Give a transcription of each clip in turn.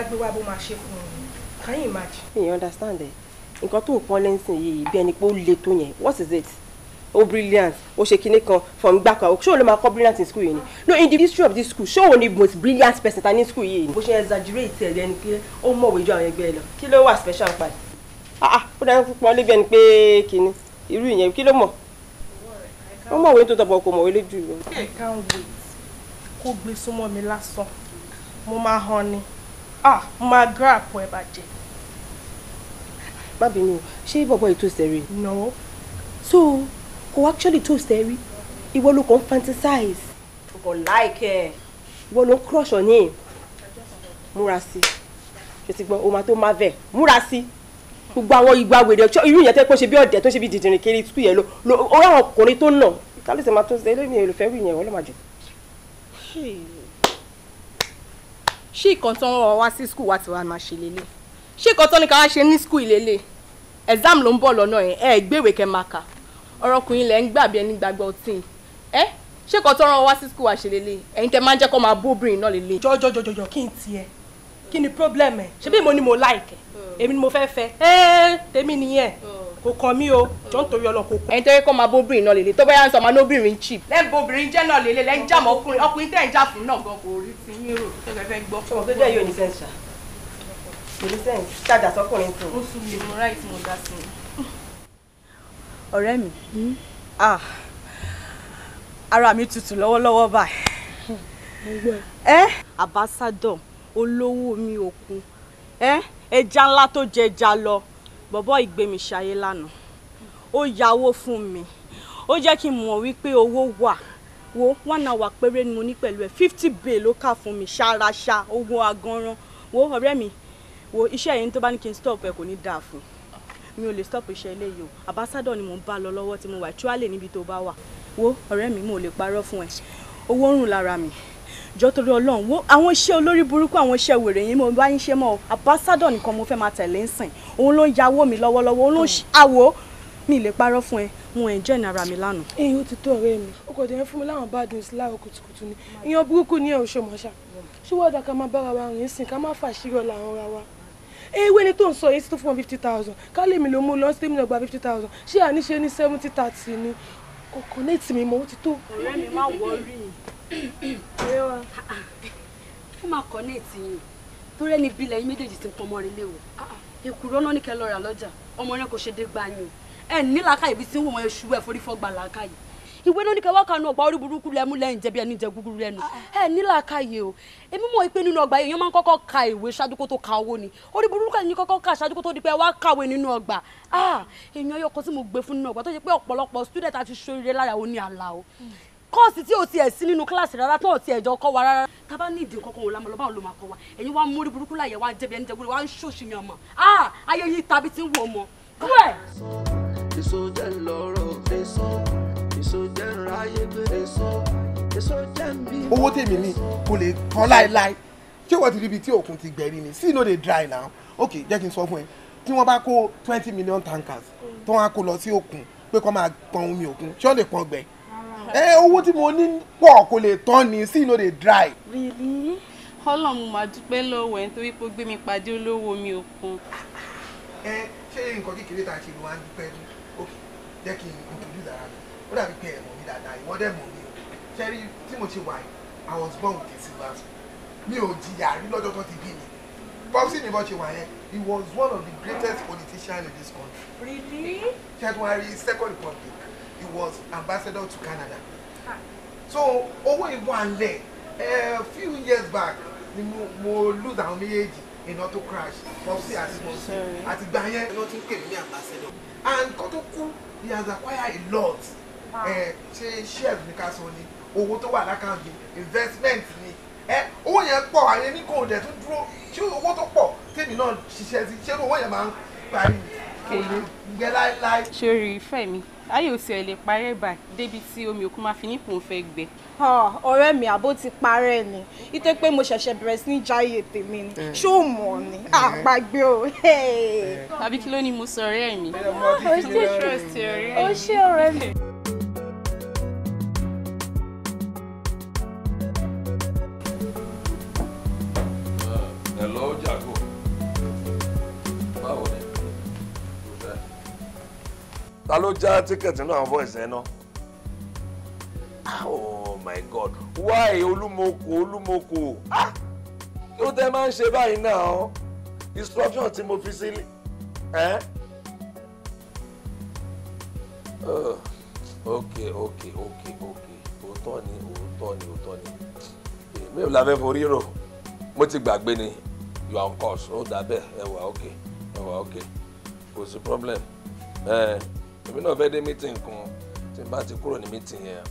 bá gbé wá bó máa ṣe fún un can you imagine. mi understand ẹ nǹkan tó pọn lẹ́sìn yìí bí ẹni pé ó le tó yẹn what is it o brilliant o ṣe kinní kan from gbàkà o ṣé o lè máa kọ́ brilliant in school yìí ni no in the history of this school ṣé o ní most brilliant person ta ní school yìí ni. bó ṣe exaggerate ẹ̀ lẹ́ni pé ó mọ̀wé ju àwọn ẹgbẹ́ ẹ lọ kí ló wà special pa ẹ̀. ah ah ó dáná púpọ̀ lébi ẹni pé kinní irú ìyẹn kí ló mọ̀ ó mọ̀wé tó tọ̀bọ̀ kò mọ̀wé lójú. I can't wait kó gbé súnmọ́ mi lásán mo máa hàn ni ah my grab ẹ bàjẹ́. má bínú she bọ̀bọ̀ yìí toast ẹ no. so who actually toast ẹ rí ìwọ look on fantasize. o go like eh, ìwọ ló ń crush on yín múra sí ṣe ti gbọ́ o máa tó má bẹ̀ múra sí gbogbo àwọn ìgbà wèrè ọ̀ṣọ́ irú ìyẹn tẹ́ pé ṣe bí ọ̀dẹ̀ tó ṣe bí dìdìrín kiri No, oh, ló orí àwọn ọkùnrin tó nà kálíṣe máa tó ṣe lóyún ìlú fẹ́ rí ìyẹn wọ́n ló máa jù ṣé ìkan tó ń rọ wá sí skul wa ti wá máa ṣe lélẹ̀ ṣé ìkan tó ní ká ṣe ní skul ìlélẹ̀ exam ló ń bọ̀ lọ́nà yẹn ẹ gbéwèé kẹ máa kà ọ̀rọ̀kùnrin lẹ̀ ń gbàbí ẹni gbàgbọ́ tí ẹ ṣé ìkan tó ń wá sí skul wa ṣe lélẹ̀ ẹ̀yin tẹ máa ń jẹ́ kó máa bóbìnrin náà lélẹ̀. jọjọjọjọjọ kí n tiẹ̀ kí ni problem ẹ ṣebí mo ni mo like hmm. èmi ni mo fẹ́ fẹ́ ẹ tèmi nìyẹn hmm kò kàn mí o jọ nítorí ọlọ́kọ̀ kọ. ẹni tó yẹ kó máa bóbìnrin náà lélẹ̀ tó bá yà ń sọ máa lóbìnrin cheap. lẹ́yìn bóbìnrin jẹ́ náà lélẹ̀ lẹ́yìn jàmọ́ ọkùnrin ọkùnrin tẹ̀ ń jà fún náà gan kò rí ti yín rò tó fẹ́ fẹ́ gbọ́. ọmọ tó jẹ́ yóò ní sẹ́ǹsì kò ní sẹ́ǹsì ṣáàjà sọkùnrin tó. ó sùn lè mú ráì tí mo dá sí i. ọ̀rẹ́ mi ah, ara mi tutù lọ́wọ́lọ́wọ́ báyìí. ẹ ẹja ńlá tó jẹja lọ bọ̀bọ́ ìgbémisáyé lánàá ó yáwó fún mi ó jẹ́ kí n mọ̀ wípé owó wà wo one hour péré ni mo ní pẹ̀lú ẹ̀ fifty bay ló kà fún mi ṣáraṣá ogun aganran wo ọ̀rẹ́ mi wo iṣẹ́ yẹn tó bá ní kí n stop ẹ̀ kò ní dáa fún mi ò lè stop iṣẹ́ eléyìí o àbásádọ̀ ni mò ń bá lọ lọ́wọ́ tí mo wà tí wàá lè níbi tó bá wà wo ọ̀rẹ́ mi mo lè parọ́ fún ẹ owó ń rùn lára mi jọ torí Ọlọ́run wo àwọn iṣẹ́ olórí burúkú àwọn iṣẹ́ wèrè yìí mo bá yín ṣe mọ́ ambassador nìkan mo fẹ́ máa tẹ̀lé ń sìn òun ló ń yàwó mi lọ́wọ́lọ́wọ́ òun ló ń hmm. àwò mi lè parọ́ fún ẹ mo enjoy ara mi lánàá. ẹyin ó ti tó ọ̀rẹ́ mi o kò dẹrẹ fún mi láwọn bad news láàárọ̀ kùtùkùtù ni ìyẹn burúkú ni ẹ ò ṣe mọṣà ṣíwọ́ ọ̀dà ká máa bára wa rìn sìn ká má fàṣírí ọ̀la àwọn ra wa ewé ni tó ń sọ èyí tó fún wọn fifty thousand kálí mi ló mú lọ sí mílíọ̀nù gba fifty thousand ṣé àníṣe ní seventy thirty ni kò kọ́nẹ́ẹ̀tì mi mọ́ ó ti tó. ọ̀rẹ́ mi má wọrí ó máa kọ́ ní ìtìyìn tó rẹ́ni bílẹ̀ yín méjèèjì ti ń pọnmọ́ rẹ léwu èkúrọ́ náà ní kẹ́ lọ́ọ́ rà lọ́jà ọmọ rẹ kò ṣe dé gbà yín ẹ ní làákàyè bí tí ń wò wọ́n ṣubú ẹ̀ forí fọ́gbà làákàyè ìwé náà ní kẹ́ wákàánú ọgbà orí burúkú lẹ́mú lẹ́yìn jẹ̀bi ẹni jẹ gúgúrú ẹnu ẹ ní làákàyè o èmi mọ̀ pé nínú ọgbà èèyàn máa ń kọ́kọ́ ka ìwé ṣáájú kó tó ka owó ni orí burúkú ẹni kọ́kọ́ ka ṣáájú kó tó di pé wá kàwé nínú ọgbà ah! èèyàn yọkọ tí mo gbé fún nínú ọgbà tó ṣe pé ọ̀pọ̀lọpọ̀ student àti ṣoríire lára òní àlà o kọ́ọ̀sì tí o tiẹ̀ sí nínú kíláàsì rárá tó o tiẹ̀ jọ kọ́ wa rárá. tá a bá ní ìdí kankan wò lọ́ba òun kọ́ wa ẹ̀yin wá mórí burúkú láyẹ̀ wá jẹ̀bi ẹni jẹ̀gbọ́n wá ń ṣòṣì mi ọmọ ah! ayé yìí tàbí tí ń wò ọmọ. kúrẹ̀. owó tèmi ni kò lè kan láéláé ṣé wọ́n ti ríbi tí òkun ti gbẹ̀rí ni sí no dey dry now ok jẹ́ kí n sọ fún ẹ tí wọ́n bá kó twenty million tankers tí wọ́n á kó lọ sí òkun pé kó máa pọn omi òkun ṣé wọ́n lè pọn gbẹ̀ẹ́ ẹ eh, owó tí mo ní pọ̀ kò lè tán ni sí no dey dry. really ọlọ́run mo máa dúpẹ́ lọ́wọ́ ẹ̀ nítorí pé ó gbé mi pàdé olówó mi òkun. ẹ eh, ṣé nǹkan kékeré tá a ṣe ló wá ń dúpẹ́ ní òkè jẹ́ kí n introduce ara mi ó dàbí pé ẹ̀mọ́ mi dáadáa ìwọ́n dẹ̀ mọ̀ mi o ṣe rí tí mo ti wà yìí I was born with a silver spoon mi ò jìyà rí lọ́jọ́ tó ti bí mi bọ́sì ni bọ́ ṣe wà yẹn he was one of the greatest politicians in this country. really? ṣé tí wọ́n á rí second republic he was ambassador to Canada ah. so owó ìbọn àlẹ a few years back ni mo lose our méjèèjì in auto crash popsi as popsi àti gbà yẹn iná tó ń pè ní ambassador and kó tó he has acquired a lot ah. eh, ṣe shares ní ká sọ ni owó wa wà lákàndì investment ni eh, owó yẹn pọ̀ àyè ní kò dẹ̀ tó dúró ṣé owó tó pọ̀ tèmi náà ṣiṣẹ́ sí ṣé owó yẹn máa ń parí kò ní gbẹ láéláé. ṣe rí ìfẹ́ mi ayò tí ẹ lè parẹ́ bà débi tí omi òkun máa fi nípò fẹ́ gbẹ. ọ̀rẹ́ mi àbó ti parẹ́ ni ite pé mo ṣẹ̀ṣẹ̀ bẹ̀rẹ̀ sí ní jáyé tèmi ni mm. ṣé ò mọ̀ ni àgbàgbé mm. ah, o. tàbí kí ló ní mo sọ ọ̀rẹ́ mi. ó ṣe ọ̀rẹ́ mi. ló já tíkẹ̀tì náà fún ẹ̀sẹ̀ náà oh my god why olúmoko olúmoko ah kí ló tẹ máa ń ṣe báyìí náà ọ instruction tí mo fi sí ẹ. Eh? Oh, ok ok ok ok òótọ́ ni òótọ́ ni òótọ́ ni mi ò lábẹ́ forí rò mo ti gbàgbé ni you are on course ó dà bẹ́ẹ̀ ẹ wà ok ẹ wà ok kò sí problem. Uh, èmi náà fẹ́ dé meeting kan tí n bá ti kúrò ní meeting yẹn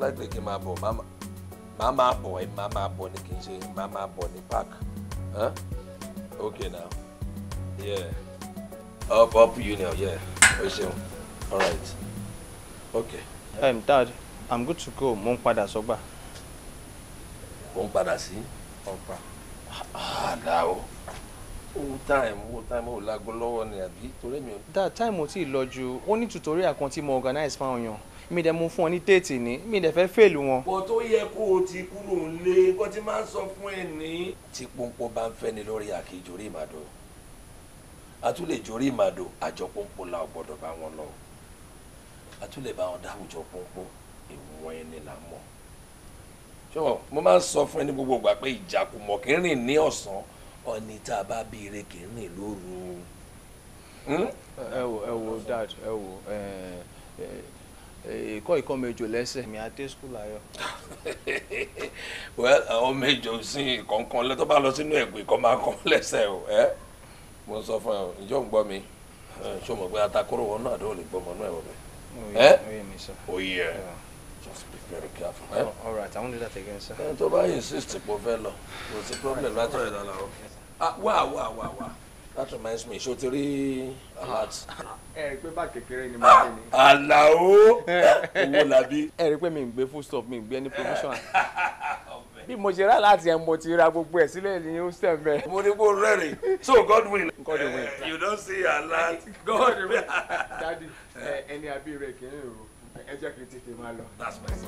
láìpẹ́ kí n máa bọ̀ máa máa bọ̀ ẹ̀ máa máa bọ̀ ní kì í ṣe máa máa bọ̀ ní park huh? okay now yeah up up union yeah o ṣeun all right okay. Um, dad i'm good to go mo ń padà sọ́gbà. mo ń padà sí. ọ̀pá. àdá o owó time owó time owó lágbo lọ́wọ́ ni àbí torí mi ò. that time ò tí ì lọ ju ó ní tutorial kan tí mo organize fáwọn èèyàn mi dẹ̀ mú fún ọ ní déètì ní mi dẹ̀ fẹ́ fèlù wọn. bó tó yẹ kó o ti kúrò lé kó ti máa ń sọ fún ẹ ní. tí pọ́npọ́n bá ń fẹ́ ni lórí àkejì orí ìmàdó àtúlẹ̀ jorí ìmàdó àjọ pọ́npọ́n la ò gbọ́dọ̀ bá wọn lọ àtúlẹ̀ bá wọn dáwùjọ pọ́npọ́n ìwọ̀n ẹni là mọ̀. ṣọ́ mo máa ń sọ fún ẹ ní gbogbo ìgbà pé ìjàkùmọ̀ kìrìn ní ọ̀sán ọni tá a bá bí ire lóru. Hmm? ẹ wo ẹ wo dad ẹ wo ìkọ́ ìkọ́ mẹ́jọ lẹ́sẹ̀ mi àti skul ayọ̀. well àwọn mẹ́jọ sí ìkọ̀ọ̀kan lẹ́tọ́ bá lọ sínú ẹ̀gbìn kan máa kọ́ lẹ́sẹ̀ o ẹ mo sọ fún ẹ ìjọ ń gbọ́ mi ṣó mọ̀ pé atakóró wọn náà ló gbọmọ náà wọ̀ mi. oyè mi sọ. oyè just be very careful. all right i tó bá insist pé o fẹ́ lọ kò sí problem láti ọ̀dọ̀ làwọn. Ah, wá wá wá wá that reminds me ṣé o ti rí alert. ẹ rí pé bá kékeré ni mo ah, gbé ni. àlàó owó làbí. ẹ rí pé mi ń gbé full stop mi ń gbé ní provision bí mo ṣe rà láti ẹ̀ mo ti ra gbogbo ẹ̀ sílẹ̀ ní hostel bẹ́ẹ̀. mo ní kó rẹ́rìn so God will. God will. Eh, you don see alert. God will. dadi eh, ẹni àbí rẹ kì í rò ẹ jẹ́ kí n tètè máa lọ.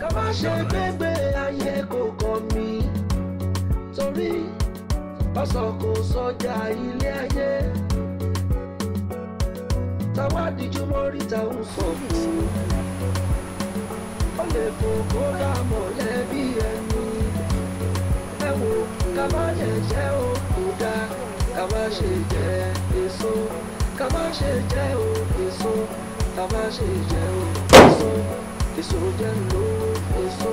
ká má ṣe gbégbé ayé kò kọ́ mi torí ọsàn kò sọjà ilé ayé táwa díjú mọ́rí táwọn sọ fún un ó lè fò kó dà mọ̀lẹ́bí ẹni ẹ wò ká má jẹ̀jẹ́ o kò dáa ká má ṣe jẹ èso ká má ṣe jẹ o èso ká má ṣe jẹ o èso èso jẹ ló èso.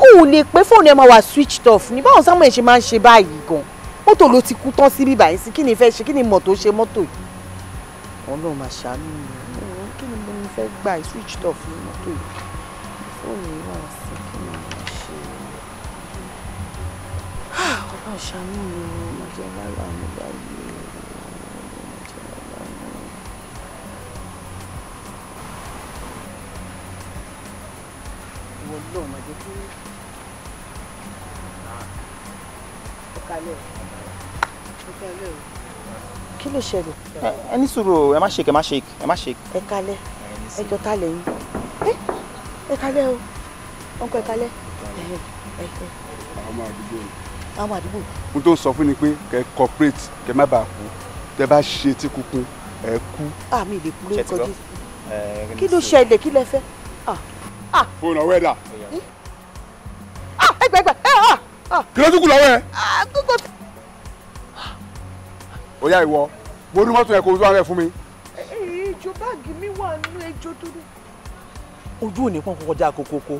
kò lè pé fóònù ẹ máa wà switched off ní báwọn Samuel ṣe máa ń ṣe báyìí gan mọ́tò ló ti kú tán sí bíbá yìí sí kí ni fẹ́ ṣe kí ni mọ̀ tó ṣe mọ́tò yìí wọn náà máa ṣàánú mi kí ni mo ní fẹ́ gbà switched off ní mọ́tò yìí fóònù yìí wà sí kí ni ah, mo ṣe ọlọ́ọ̀ṣàánú mi ò máa jẹ́ lára mi báyìí. mo lóun máa jẹ́ kí ó kalẹ̀ ó kalẹ̀ o. kí ló ṣẹlẹ̀. ẹ ní sùúrù ẹ má ṣèkì ẹ má ṣèkì ẹ má ṣèkì. ẹ kalẹ̀ ẹ jọ ta lẹ́yìn ẹ kalẹ̀ o ọkọ ẹ kalẹ̀ ọmọ àdúgbò ọmọ àdúgbò. n tó ń sọ fún ni pé kẹ corporate kẹ má bàa kú tẹ bá ṣe tí kúkú ẹ kú. àmì ìdè kúrò kọjú kí ló ṣẹlẹ̀ kí lẹ fẹ́. Ah fóònù ah. ọwọ́ ẹ̀ dà. ẹgbẹ́ ah, ẹgbẹ́ ẹ ọ. Ah, kí ló tún kù lọ́wọ́ ẹ. gbogbo. ó yá ìwọ mo ní mọ́tò ẹ̀ kó o Hey, àárẹ̀ fún mi. ejò Hey, mi wà nínú ejò tó dé. ojú ò ní pọ́n kọjá kokoko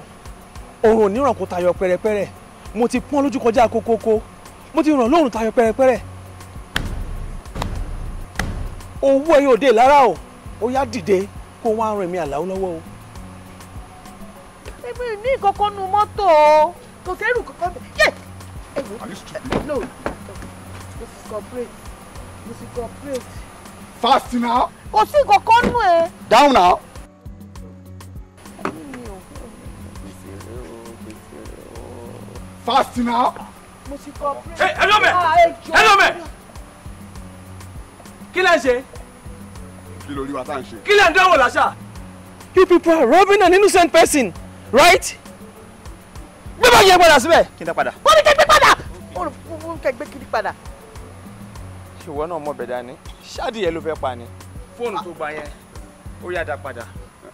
òrùn oníràn kò tayọ pẹ́rẹ́pẹ́rẹ́ mo ti pọ́n lójú kọjá kokoko mo ti ràn lóòrùn tayọ pẹ́rẹ́pẹ́rẹ́ owó ẹ yóò dé lára o ó yá dìde kó wá ran èmi àlàó lọ́wọ́ o èmi ní ìkọ̀kọ̀ nu mọ́tò o kò sẹ́rù kọ̀kọ́ bẹ̀ yé. no mo ti cooperate mo ti cooperate. fast now. kò sí ìkọ̀kọ̀ nù ẹ. down now. fast now. mo ti cooperate. ẹ ẹ lọ mẹ ah, ẹ lọ mẹ kí lẹ ń ṣe. kí lórí wa tá à ń ṣe. kí lẹ ń dánwò láṣà. you people are robbing an innocent person right gbé báàgì yẹn padà síbẹ̀. kí n dá padà. wọ́n ní kẹ́ gbé padà wọ́n ní kẹ́ gbé kiri padà. ìwọ náà mọ bẹ̀dá ni ṣáàdì yẹn ló fẹ́ pa ni. fóònù tó gba yẹn ó yá dá padà.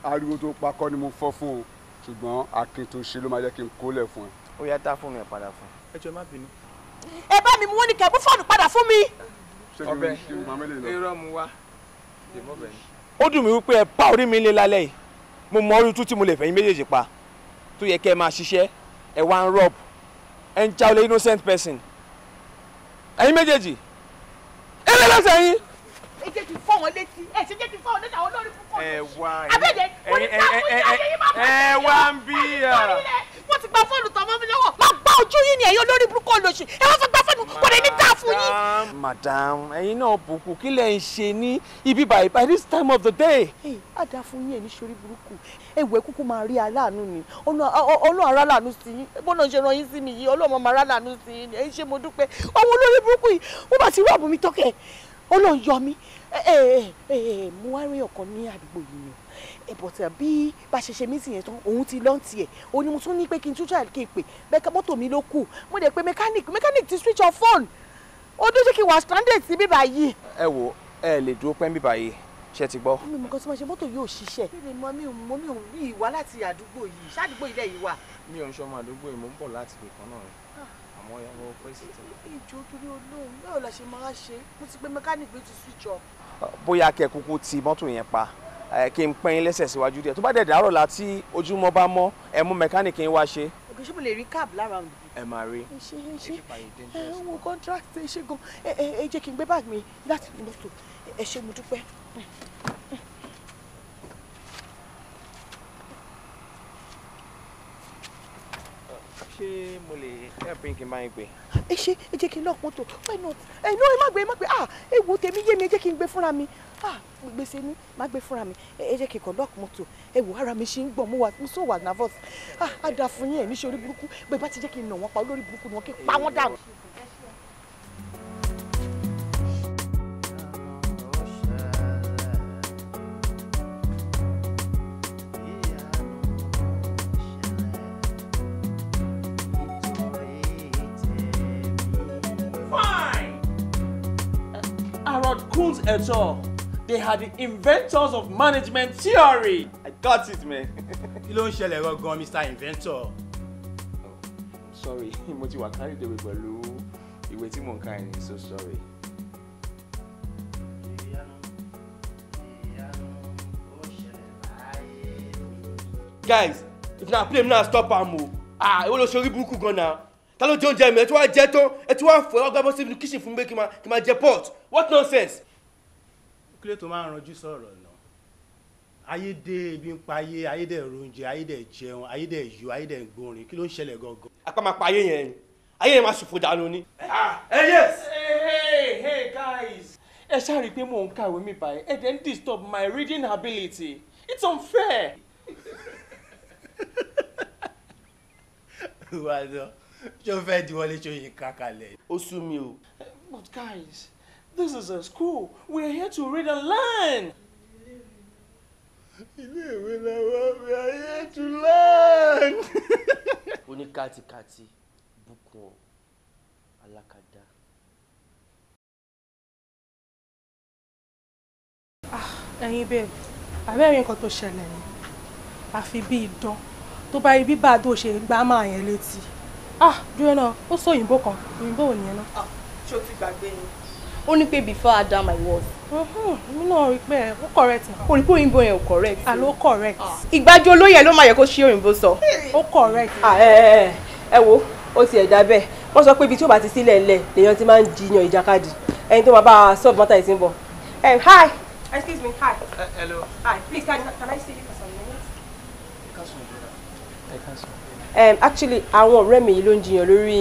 ariwo tó pa kọ́ ni mo fọ́ fún o ṣùgbọ́n akin tó ṣe ló máa jẹ́ kí n kólẹ̀ fún ẹ. ó yá dá fóònù yẹn padà fún. ẹ jọ̀ọ́ má bínú. ẹ bá mi mú wọn ní kẹ́ gbé fóònù padà fún mi. ọbẹ̀ irọ́ mu wá ó dùn mí wípé ẹ pa orí mi lé lálẹ́ yìí mo mọ orí tú tí mo lè fẹ̀yìn méjèèjì pa tó yẹ kẹ́ ẹ máa ṣiṣẹ́ ẹ wá ń rob ẹ ń jáwé innocent person ẹ̀yin méjèèjì ẹ lè lọ́sẹ̀ yín. ẹ jẹ́ kí n fọ́ wọn létí ẹ ṣe jẹ́ kí n fọ́ wọn létí àwọn olórí púpọ̀ yìí abẹ́jẹ́ oníkàwé ayẹyẹ máa bọ̀ ẹ wá ń bí yà wọ́n ti gba fóònù tọmọ mi lọ́wọ́ máa gbá ojú yín ni ẹ̀yin olórí burúkú olóṣì ẹ wọ́n ti gba fóònù kò lè ní dáa fún yín. madam ẹ̀yin náà bùkún kí lẹ ń ṣe ní ibi by by this time of the day. ẹ á dáa fún yín ẹ ní sori burúkú ewu ẹ kúkú máa rí aláàánú ni ọlọ́run ara làánú sí yín bọ́nà ṣe ran yín sí mi yìí ọlọ́run máa rà làánú sí yín ẹ ṣe mo dúpẹ́ ọwọ́ olórí burúkú yìí wọ́n bá ti rọ́ọ̀bù mi tọ́kẹ́ ọlọ́run ẹ̀bọ̀tà eh, eh, bí bá ṣe ṣe mítìn yẹn tán òun ti lọ́n tiẹ̀ òun ni mo tún ní pé kí n tún ṣáà kí n pè bẹ́ẹ̀ mọ́tò mi ló kù mo dẹ̀ pé mechanic mechanic ti switch off phone ó dún ṣé kí n wà stranded sí bíbá yìí. ẹ wo ẹ lè dúró pẹ́ bíbá yìí ṣe ti gbọ́. mi nǹkan tí mo ṣe mọ́tò yóò ṣiṣẹ́. bíbí mo mi ò mi ò rí ìwà láti àdúgbò yìí ṣáàdúgbò ilẹ̀ yìí wà. mi ò ń ṣọmọ àdúgbò yìí mo ń bọ̀ láti ibì kan náà ah. àmọ́ ìyàwó pẹ́sìtì. ìjọ torí olóhùn báwo la ṣe máa ṣe mo ti pé mẹkáníìkì ti switch off. bóyá kẹ kúkú ti mọ́tò yẹn pa kí n pẹ́yìn lẹ́sẹ̀ síwájú díẹ̀ tó bá dẹ̀ dàárọ̀ la tí ojúmọ́ bá mọ́ ẹ mú mẹkáníìkì wá ṣe. òkè ṣé mo lè rí cab lára òǹdí. ẹ máa rí. ẹ ṣe ẹ ṣe ẹ ń wo contract ẹ ṣe gan ẹ jẹ́ kí n gbé báàgì mi láti mọ́tò ẹ ṣe mo dúpẹ́. ṣé mo lè help yín kí n bá yín gbé. ẹ ṣe ẹ jẹ́ kí n lọ́ọ̀pọ̀ tó why not ẹ náà ẹ má gbé ẹ má gbé ah ewu tèmi yé mi ẹ jẹ́ kí n gbé fúnra mi ah gbèsè ni má gbé fúnra mi ẹ jẹ́ kí n kàn lọ́ọ̀pọ̀ tó ẹ wò ara mi ṣe ń gbọ̀n mo wà mo sọ wà nervous ah á dáa fún yín ẹ̀ níṣẹ́ orí burúkú bẹ́ẹ̀ bá ti jẹ́ kí n nà wọ́n pa olórí burúkú ni wọ́n kí pa wọ́n dànù. Not Coons at all. They are the inventors of management theory. I got it, man. Kí ló ń ṣẹlẹ̀ go, Mr. Inventor? sorry, mo ti wà carried away pẹ̀lú ìwé tí so sorry. Guys, if na play, na stop am o. Ah, èwo ló ṣe orí burúkú gan-an ta ló jẹ oúnjẹ mi ẹ ti wá jẹ tán ẹ ti wá fọ ọgbà bọ́ síbi kíṣìn fún mi kí n máa jẹ pot what nonsense. kí ló tó máa ń ranjú sọ̀rọ̀ náà ayédè ibi ń pa ayé ayédè oúnjẹ ayédè jẹun ayédè yó ayédè gbórin kí ló ń ṣẹlẹ̀ gangan. apá ayé yẹn ayé yẹn máa ṣòfò dànù ni. ẹ ah, eh, yes. hey hey guys. ẹ ṣáà rí i pé mò ń kàwé mi báyìí ẹ dẹ̀ disturb my reading ability it's unfair. wàá dán ṣó fẹ́ di Wọlé Ṣóyínká kalẹ̀. ó sú mi o. but guys this is a school we are here to read and learn. ilé ìwé làwọn we are here to learn. oníkàtìkàtì bùkún ọ alákàdá. Ah, ẹ̀yin babe àbẹ́rẹ́ nǹkan tó ṣẹlẹ̀ ni àfi bí idán tó bá rí bíbá tó ṣe gbá máa yẹn létí ah dúró náà ó sọ òyìnbó kan òyìnbó ò nìyẹn náà. Ah, ṣé o ti gbàgbé ni ó ní pé before I down my words. mi náà rí pé ó correct. o rí pé òyìnbó yẹn ò correct. àló correct. Ah. ìgbájú olóyè ló máa yẹ kó ṣe òyìnbó sọ. ó correct. Ah, ẹ wo ó tiẹ̀ dá bẹ́ẹ̀ wọ́n sọ pé ibi tí ó bá ti sílẹ̀ ńlẹ̀ lèèyàn ti máa ń jiyàn ìjàkadì ẹni tó máa bá a sub mọ́tà ìsìn bọ̀. hi. excuse me hi. Uh, hello. hi please can, can I see you for some minutes um, actually àwọn ọ̀rẹ́ mi yìí ló ń jiyàn lórí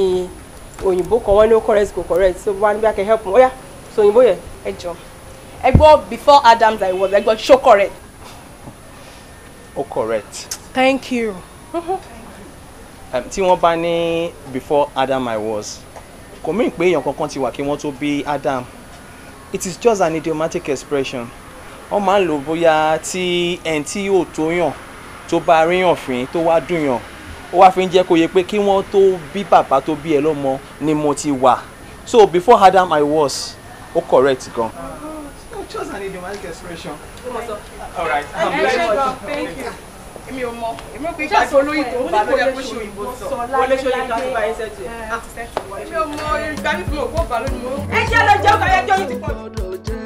òyìnbó kan wọn ní ó correct kò correct so wọn níbi akẹ́ help wọn ó so òyìnbó yẹn ẹ jọ ẹ gbọ́ before Adams I was ẹ gbọ́ so correct. ó correct. thank you. um, tí wọ́n bá ní before Adam I was kò mí pé èèyàn kankan ti wà kí wọ́n tó bí Adam it is just an idiomatic expression wọ́n máa ń lò bóyá tí ẹni tí yóò tó yàn tó bá ríyàn fín tó wá dùn yàn ó wá fi ń jẹ́ kó yẹ pé kí wọ́n tó bí bàbá tó bí ẹ lọ́mọ ni mo ti wà so before Adam I was ó correct gan. Oh, just an idiomatic expression. all right thank you èmi ò mọ èmi ò pé ìgbà tó lóyún tó bá lóyún ẹkú ṣe òyìnbó sọ wọlé ṣe òyìnbó àti báyìí ṣẹjẹ èmi ò mọ ìgbà tí mo kó bá lóyún mọ. ẹ jẹ́ lọ jẹ́ ọ̀gá ẹjọ́ yìí ti pọ̀ jù.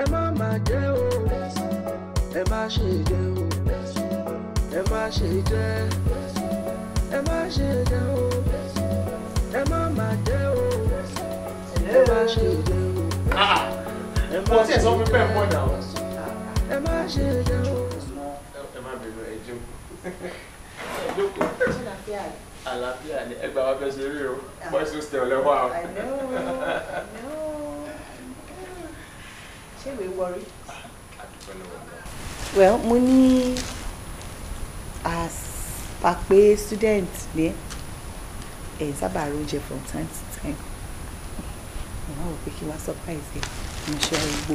ẹ má má jẹ́ o ẹ má ṣe jẹ́ o ẹ má ṣe jẹ ẹ má ṣe jẹ o ẹ má má jẹ o ẹ má ṣe jẹ o. wọ́n ti sọ fún bẹ́ẹ̀ ẹ má ṣe jẹ o. ẹ má bínú ẹ jókòó. àlàáfíà ni ẹgbàá wa fẹ́ ṣe eré o boys hostel lẹ́wọ́ àwọn. ṣé ìwé wọrí. Ah, well mo ní as pa pé student ni ẹ ẹ̀ sábà rí oúnjẹ from time to time wọ́n wò pé kí wọ́n surprise ẹ̀ mo ṣe gbogbo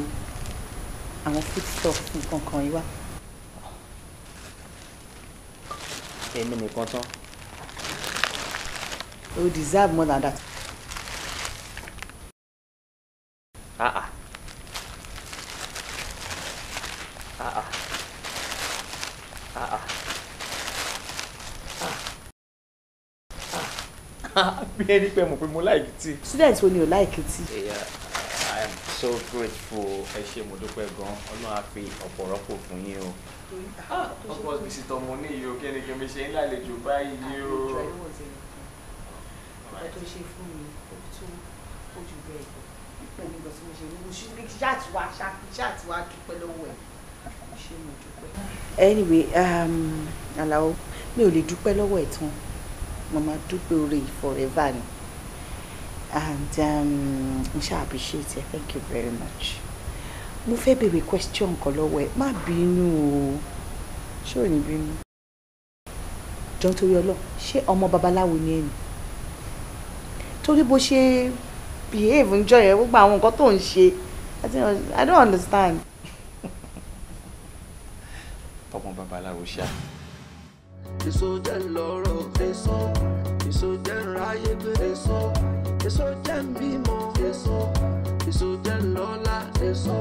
àwọn food stuff nǹkan kan yìí wá. èmi nìkan tán. o deserve more than that. ah ah ah ah ah ah. bí ẹni pé mo pé mo like tea. students wo ni o like tea. Yeah, I am so grateful ẹ ṣe mo dúpẹ́ gan-an ọlọ́run á fi ọ̀pọ̀ rọ́pò fún yín o. ọkọ ah, bisitọ mo ní iye òkè ni kí n fi ṣe ń lálejò báyìí ni o. anyway um, Alao mi ò lè dúpẹ́ lọ́wọ́ ẹ̀ tán mo máa dúpẹ́ orí forever ni and um, shall appreciate it thank you very much mo fẹ́ béèrè question kan lọ́wọ́ ẹ má bínú o ṣé ò ní bínú jọ nítorí ọlọ́ ṣé ọmọ babaláwo ni ẹni behave enjoy. jọ yẹn gbogbo àwọn nǹkan tó ń ṣe i don't understand. ọmọ babaláwo ṣáà èso jẹ́ ńlọrọ̀ èso èso jẹ́ ńráyé gbé èso èso jẹ́ ńbímọ èso èso jẹ́ ńlọ́lá èso.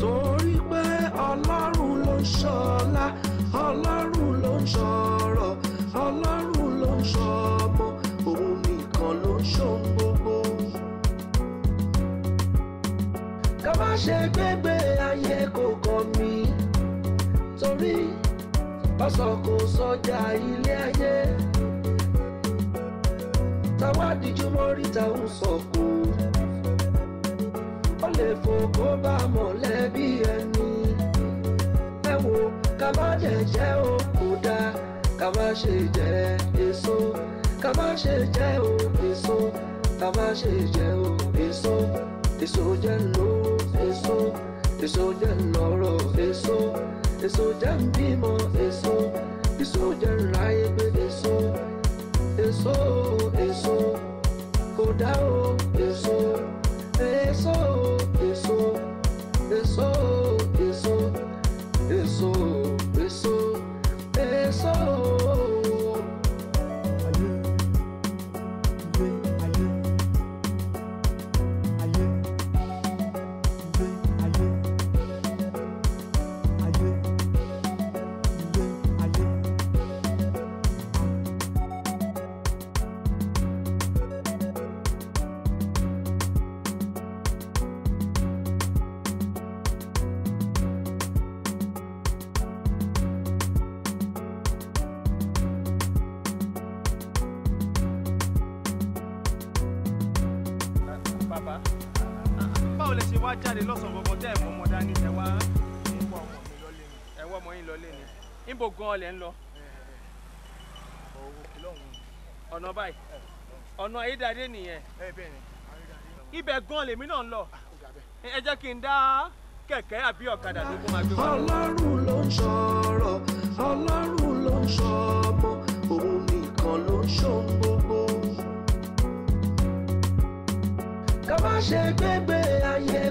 torí pé ọlọ́run ló ń ṣọlá ọlọ́run ló ń ṣọrọ̀ ọlọ́run ló ń ṣọmọ òun nìkan ló ń ṣòun. má ṣe gbégbé ayé kò kàn mí torí ọ̀sán kò sọjà ilé ayé táwa díjú mọ́rí táwọn sọ̀kò ó lè fòkó bá mọ̀lẹ́bí ẹni ẹ wo ká má jẹ jẹ o kò dáa ká má ṣe jẹ èso ká má ṣe jẹ o èso ká má ṣe jẹ o èso èso jẹ lówó. èso èso jẹ́ ńlọrọ̀ èso èso jẹ́ ńbímọ èso èso jẹ́ ńláyé gbé èso èso èso kò dá o èso èso èso èso èso èso èso èso. ń lọ. ọ̀nà báyìí ọ̀nà ayédáadé nìyẹn ibẹ̀ gan lèmi náà ń lọ ẹ jẹ́ kí n dá kẹ̀kẹ́ àbí ọ̀kadà ló kó máa gbé wa. ọlọ́run ló ń sọ̀rọ̀ ọlọ́run ló ń sọ ọmọ òun nìkan ló ń ṣòun gbogbo. ká má ṣe gbégbé ayé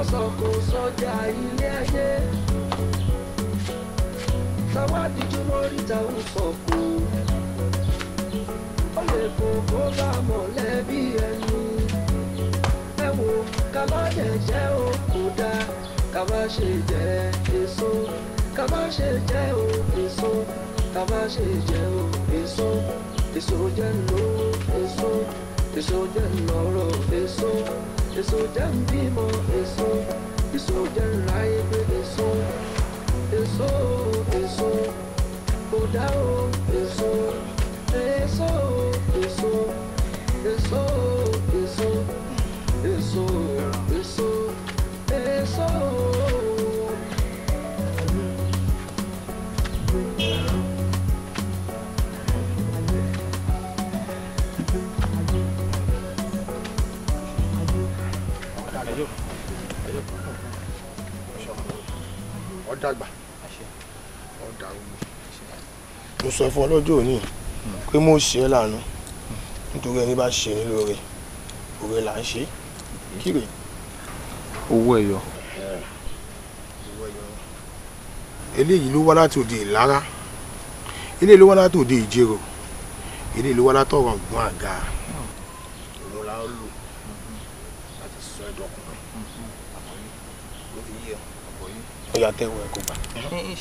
ọsàn kò sọjà ilé ayé tàwádìí tí wọ́n rí táwọn sọ̀kò ó lè kó kó bá mọ̀lẹ́bí ẹnu ẹ wò ká má dẹ̀ jẹ́ o kò dáa ká èso ká má ṣe èso ká má ṣe èso èso jẹ́ lọ èso èso jẹ́ lọ́rọ̀ èso. It's so damn people, it's so. it's so damn life, it's so. it's so. it's so. go down, it's so. it's so. it's so. it's so. it's so. it's all. dàgbà ọ̀dà omi. mo sọ fún ọ lọ́jọ́ òní pé mo ṣe é lànà nítorí ẹni bá ṣe ní lóore òwe là ń ṣe kíre. owó ẹyọ. eléyìí ló wá láti òde ìlara eléyìí ló wá láti òde ìjẹrò eléyìí ló wá láti ọ̀rọ̀ ọ̀gbọ́n àga. ó yà tẹ́wọ́ ẹ̀ kó gbà.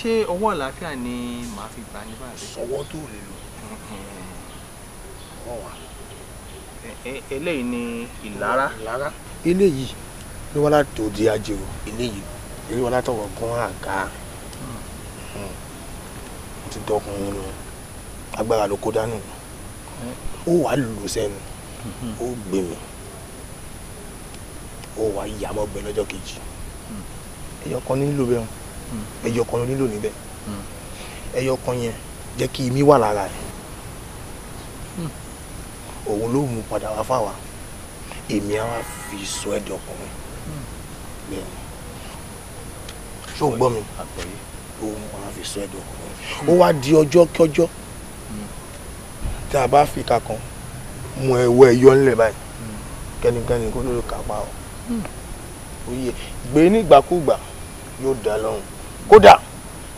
ṣé ọwọ́ àlàáfíà ni màá fi gbà ní báyìí. sọwọ́ tó lè lò ọwọ́ wa. eléyìí ni ìlara. ìlara eléyìí ló wá láti òde ajérò eléyìí eléyìí wá látọ̀wọ̀ gún àga hmm. mo ti dọkùnrin lọ agbára ló kó dánù hmm. ó wàá lù sẹ́nu hmm. ó gbé ó wàá yà gbẹ lọ́jọ́ kejì ẹyọkan nílò bẹ́ẹ̀ hmm. ẹyọkan ló nílò níbẹ̀ hmm. ẹyọkan yẹn jẹ́ kí imí wà lára rẹ̀ hmm. òun ló mú padà wá fáwa èmi á fi sọ ẹ́ di ọkùnrin bẹ́ẹ̀ ṣó ń gbọ́ mi òun á fi sọ ẹ́ di ọkùnrin ó wá di ọjọ́ kọjọ́ tá a bá fi kankan mú ẹwọ ẹyọ ńlẹ̀ báyìí kẹ́nikẹ́ni kó ló kà pa ọ́ òye gbé nígbàkúgbà. Mm yóò dá lóhùn kódà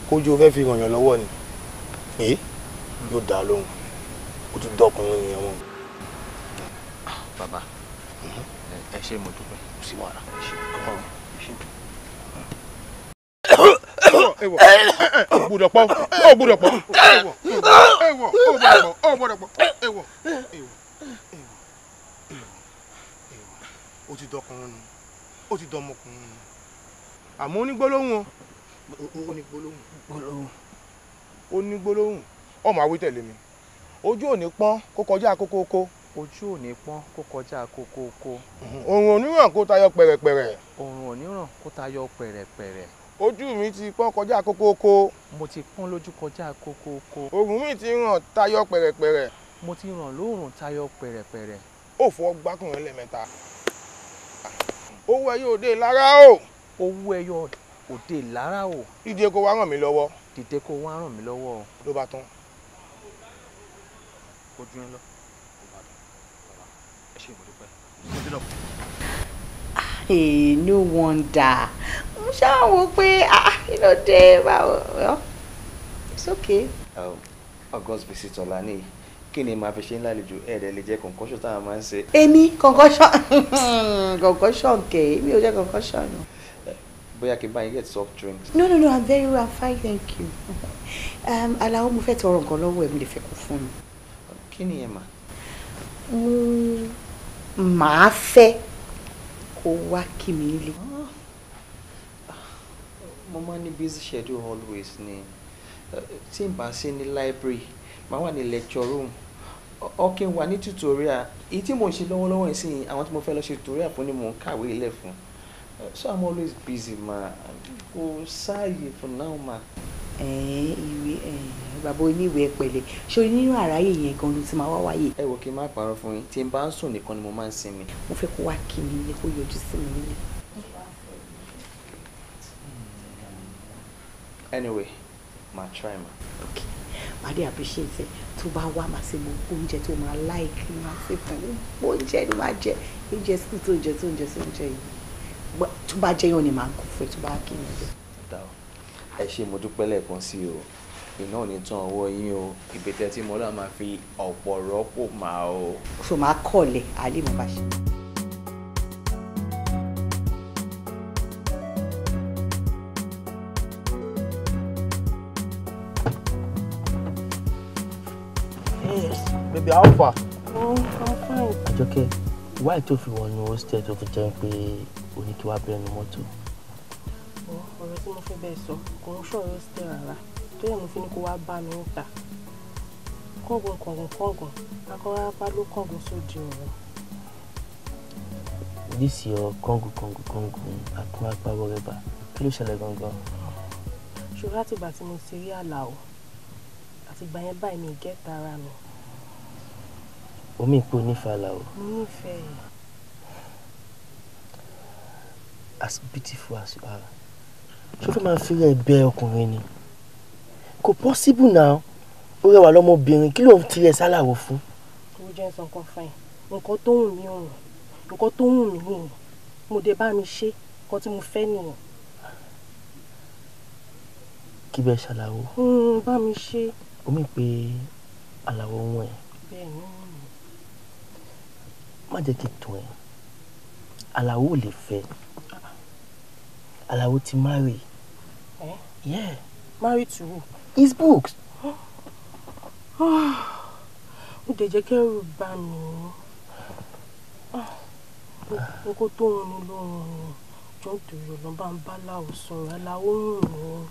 kójú o fẹ́ fi ràn yàn lọ́wọ́ ni èyí yóò dá lóhùn ó ti dọkùnrin nìyẹn wọn. bàbá ẹ ṣe mo dúpẹ́ kò sí wàhálà o ṣe kọ́ ewọ ògbúdọ̀ pọ̀ ògbúdọ̀ pọ̀ ewọ ewọ ògbúdọ̀ pọ̀ ògbúdọ̀ pọ̀ ewọ ewọ ewọ ó ti dọkùnrin o ó ti dọmọkùnrin nu àmọ́ onígbólóhùn o. onígbólóhùn. gbólóhùn. onígbólóhùn ọmọ àwí tẹ̀lé mi ojú ò ní pọ́n kó kọjá kókókó. ojú ò ní pọ́n kó kọjá kókókó. òrùn ò ní ràn kó tayọ pẹ̀rẹ̀pẹ̀rẹ̀. òrùn ò ní ràn kó tayọ pẹ̀rẹ̀pẹ̀rẹ̀ ojú mi ti pọ́n kọjá kókókó. mo ti pọ́n lójú kọjá kókókó. òòrùn mi ti ràn tayọ pẹ̀rẹ̀pẹ̀rẹ̀. mo ti ràn lóòrùn tayọ pẹ̀rẹ̀pẹ̀rẹ̀. ó fọ gbákùnrin lẹ́mẹ̀ta. owó ẹyọ òde lára o owó ẹyọ òde lára o. dìde kó wá ràn mí lọ́wọ́. dìde kó wá ràn mí lọ́wọ́ ló bá tán. ojú ẹ lọ ẹ ṣe ìmọ̀ dúpẹ́ ojú náà. Hey, no wonder mo ṣáà wò pé ah dé báwo well it's okay. Um, August Bisitola ní kí ni màá fi ṣe ń lálejò ẹ̀ẹ́dẹ̀ lè jẹ́ concussion táwọn máa ń ṣe. èmi concussion concussion kẹ̀ èmi ò jẹ́ concussion. No bóyá kí n get soft drinks. no no no i'm very well fine thank you um, aláwọ̀ mo fẹ́ tọrọ nǹkan lọ́wọ́ ẹ̀ mo lè fẹ́ kó fún mi. kí ni ẹ mà. Mm, màá fẹ́ kó wá kí mi lé. Ah, mo máa ní busy schedule always ni eh, tí n bá sí ní library màá wà ní lecture room ọkẹ́ wà ní tutorial èyí tí mo ń ṣe lọ́wọ́lọ́wọ́ yìí àwọn tí mo fẹ́ lọ ṣe tutorial fún ni mo ń kàwé ilẹ̀ fún so i'm always busy ma Oh, sorry for now ma. Eh, ẹ ìwé ẹ bàbá oníwè pẹ̀lẹ́ ṣé o nínú àráyè yẹn gan ló ti máa wá wáyé. ẹ wò kí n má parọ́ fún yín tí n bá ń sùn nìkan ni mo máa ń sinmi. mo fẹ́ kó wá kí mi nílé kó yọjú mi nílé. anyway ma try ma. okay màá dé appreciate ẹ tó bá wá màá ṣe gbogbo oúnjẹ tó máa like ma. ṣe fún gbogbo oúnjẹ ni màá jẹ oúnjẹ sí tó oúnjẹ tó oúnjẹ sí oúnjẹ yìí tó bá jẹ́ yàn ni màá kó fún ẹ tó bá kí ni ẹ ṣe mo dúpẹ́ lẹ́ẹ̀kan sí o iná ò ní tán ọwọ́ yín o ìbètè tí mo lá máa fi ọ̀pọ̀ rọ́pò máa o. so máa kọ̀ọ̀lẹ̀ àlè mo bá ṣe. Yes, how far? Oh, I'm fine. Àjọkẹ́ wáì tó fi wọnú hostel tó fi jẹ́ pé oníkíwá bẹ́ẹ̀nu mọ́tò. ọ̀rọ̀ tí mo fẹ́ bẹ́ẹ̀ sọ kò ń ṣọ̀rọ̀ hostel rárá tó yẹ mo fi ní kó wá bá mi ń ta kọ̀gùn kọ̀gùn kọ̀gùn akọ́ra bá ló kọ̀gùn sódì ọ̀rọ̀. this your kọ̀ngù kọ̀ngù kọ̀ngù akọ́ra bá wọ́rẹ́bà kí ló ṣẹlẹ̀ gangan. ṣùgbọ́n àtìgbà tí mo ti rí àlàó àtìgbà yẹn báyìí mi gẹ́ta ara mi omi ìpò onífàlà o. mo nífẹ̀ẹ́ yìí. as beautiful as you are ṣó fẹ́ máa fi rẹ̀ bẹ ọkùnrin ni kò possible now ó rẹwà lọ́mọbìnrin kí ló ń tirẹ̀ sálàwọ̀ fún. ó jẹ́ nǹkan kan fún ẹ̀ nǹkan tó wù mí òun nǹkan tó wù mí òun mo dé bá mi ṣe nǹkan tí mo fẹ́ nìyẹn. kí bẹ́ẹ̀ ṣàlàwọ̀. Hmm, bá mi ṣe. omi pé àlàwọ̀ wọn ẹ̀. bẹ́ẹ̀ ni má jẹ́ kí n tún ẹ̀ aláwo lè fẹ́ aláwo ti marry eh? yeah marry to who his books. ó dẹ̀ jẹ́ kẹ́rù bà mí nǹkan tó ń rún lọ́rùn jọ́ torí ọ̀nà bá ń bá láwo sọ̀rọ̀ aláwo ń rùn ún.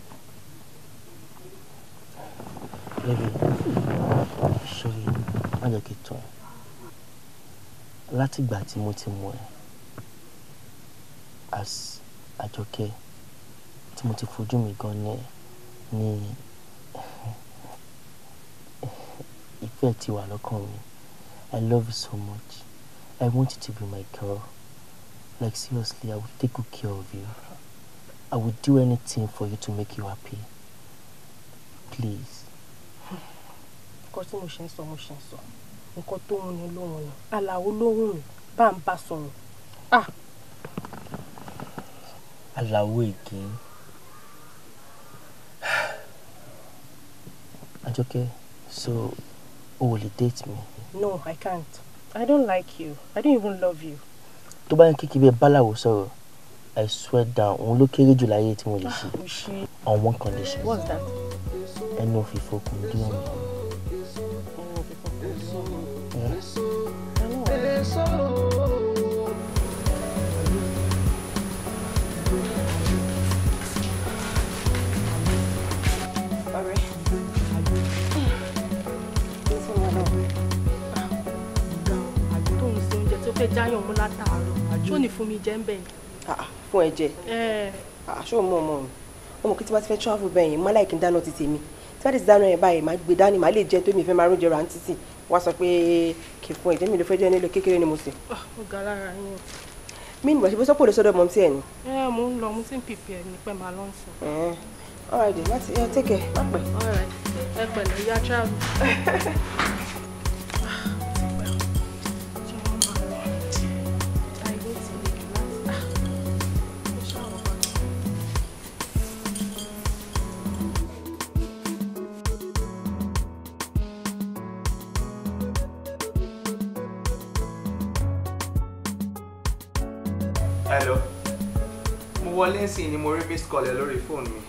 Levy, sorry, má jẹ́ kí n tún ẹ̀ látìgbà tí mo ti mọ̀ ẹ́ as àjọkẹ́ tí mo ti fojú mi gan ní ní ìfẹ́ ti wà lọ́kàn mi I love you so much I want you to be my girl like seriously I will take good care of you I will do anything for you to make you happy please. nǹkan tí mo ṣe ń sọ mo ṣe ń sọ nǹkan tó ń ní lóhùn ni aláwo lóhùn mi bá ń bá sọ̀rọ̀ ah. aláwo èké Àjọkẹ́ so o oh, will date me. no i can't i don't like you i don't even love you. tó bá ń kíkí bí ẹ báláwo sọ̀rọ̀ i swear down òun ló kéré jù láyé tí mo lè ah, ṣe on one condition ẹnu òfìfo kò ní dúró mi. sọ. ọ̀rẹ́ ní tí mo lọ tó ń ṣe oúnjẹ tó fẹ́ jáyàn mú látàárọ̀ tó ní fún mi jẹ́ ń bẹ̀ yìí. Ah, fún ẹ jẹ ah, ṣé o mọ ọmọ mi ọmọ kí tí wọ́n ti fẹ́ travel bẹ́ẹ̀ yẹn mọ́ láì kí n dáná ti tèmi tí wọ́n ti dáná yẹn báyìí máa gbé dání máa lè jẹ tó mi fẹ́ máa róúnjẹ rántí sí i wá sọ pé kì í fún ẹ̀jẹ̀ mi ló fẹ́ jẹ́ nílò kékeré ni mo sì. Ah, ó ga lára yín. mi nígbà tí bó sọ́pọ̀ lè sọ́dọ̀ mọ́ tí ẹ̀ ni. ẹ mo ń lọ mo ti ń pèpè ẹ̀ ní pẹ́ máa lọ sùn. all right láti ẹ take care má pẹ́. all right ẹ pẹ̀lẹ́ yá travel. wọlé sí ni mo rí missed call ẹ lórí fóònù mi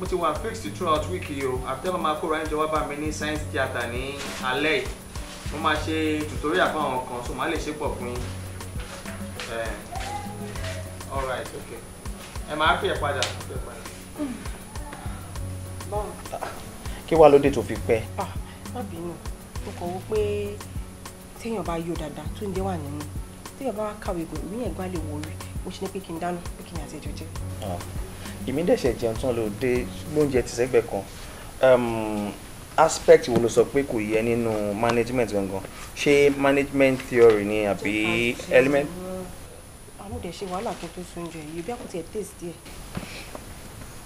mo ti wà fixed throughout week yìí o àtẹ́wọ́n máa kóra ẹ̀jọ̀ wá bá mi ní science theatre ní alẹ́ yìí mo máa ṣe tutorial fún àwọn kan so màá lè ṣe pọ̀ fún yín eh, all okay ẹ máa pè é padà pè é padà. kí wàá lóde tó fi pẹ́. Ah, má bínú mo kàn wò pé téèyàn bá yọ dáadáa tó ń jẹ́ wà nínú téèyàn bá wá kàwé gbòòrò ìyẹn gbá lè wọlé ó ṣe ní pé kí n dáná pé kí n àti ìjọ jẹ. Ah, èmi dẹ̀ṣẹ̀ jẹun tán ló dé lóúnjẹ ti sẹ́gbẹ̀ kan aspect wo ló sọ pé kò yẹ nínú management gangan ṣé management theory ni àbí element. àwọn òde ṣe wàhálà kí n tó sun oúnjẹ yìí bí àkùtì ẹ̀ taste díẹ̀.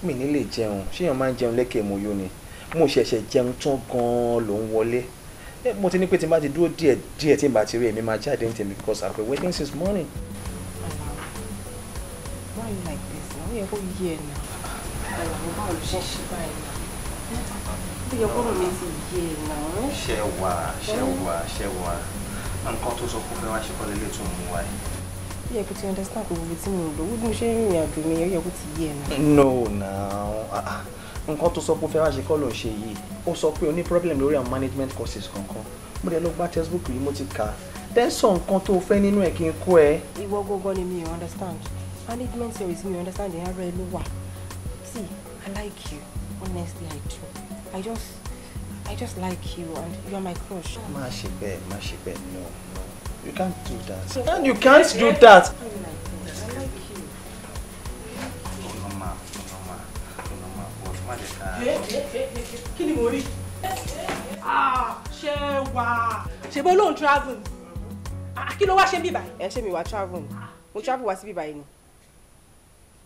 mi ní lè jẹun ṣéèyàn máa ń jẹun lẹ́kẹ̀ẹ́ mo yó ni mo ṣẹ̀ṣẹ̀ jẹun tán gan-an ló ń wọlé mo ti ní pé tí n bá ti dúró díẹ̀ díẹ̀ tí n bá ti rí èmi máa jáde ní tèmi because I've been waiting since morning why you like this ó yẹ kó yé ẹ nà àlàbò báwo ló ṣe ń ṣe báyìí nà ó yẹ kó mi ti yé ẹ nà. ṣé wà ṣé wà ṣé wà nǹkan tó sọ fún mi wá understand gbogbo ibi tí mo lò gbogbo ṣé ìrìn àjò mi ó yẹ kó ti yé no na ah, ah. nǹkan tó sọ pé ó fẹ́ wá ṣe kọ́ ló ń ṣe yìí ó sọ problem lórí àwọn management courses kankan mo dẹ̀ lọ gba textbook yìí mo ti kà á tẹ́sán nǹkan tó fẹ́ nínú ẹ̀ kí n kó ẹ. ìwọ gógó ni mi understand management service mi understand? ara ẹ ló wà see I like you honestly I do I just I just like you and you're my crush. má ṣe bẹ́ẹ̀ má no no you can't do that so, and you can't do that. I like you. No no no ma, ma, ma. Hey, hey! ni mo Ah, she wa. She bó lóun travel Ah, kí ló she ṣe bíbá. ẹ ṣe mi wa travel mo travel wa sí bíbá yìí ni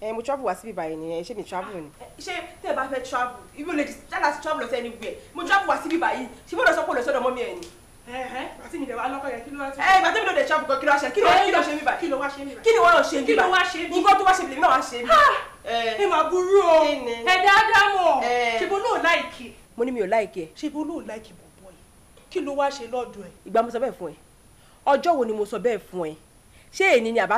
ẹ eh, mo travel wá síbi báyìí nìyẹn eh, ṣé mi travel ni. Ah, eh, ṣé tẹ́ ẹ bá fẹ́ travel ibi olè jálá ti travel lọ sí anywhere mo travel wá síbi báyìí ṣé bọ́dọ̀ sọ́kò lọ sọ́dọ̀ mọ́mí ẹ̀ ni. ẹ ẹ bàtí mi lọ́kọ̀ yẹn kí ló wá ṣe. ẹ bàtí mi lọ́dẹ̀ travel kan kí ló wá ṣe kí ló ṣe mí báyìí. kí ló wá ṣe mí báyìí. kí ló wá ṣe mí báyìí. kí ló wá ṣe mí. nǹkan tó wá ṣe mí náà wá ṣe mí. ẹ máa burú o ẹ dáadáa mọ̀ ṣe bó lóò láìkì. mo ní mi ò láìkì ẹ. ṣe bó lóò láìkì bọ̀bọ̀ yìí kí ló wá ṣe lọ́dọ̀ ẹ. ìgbà mo sọ bẹ́ẹ̀ fún ẹ ọjọ́ wo ni mo sọ bẹ́ẹ̀ fún ẹ ṣé èyí ni àbá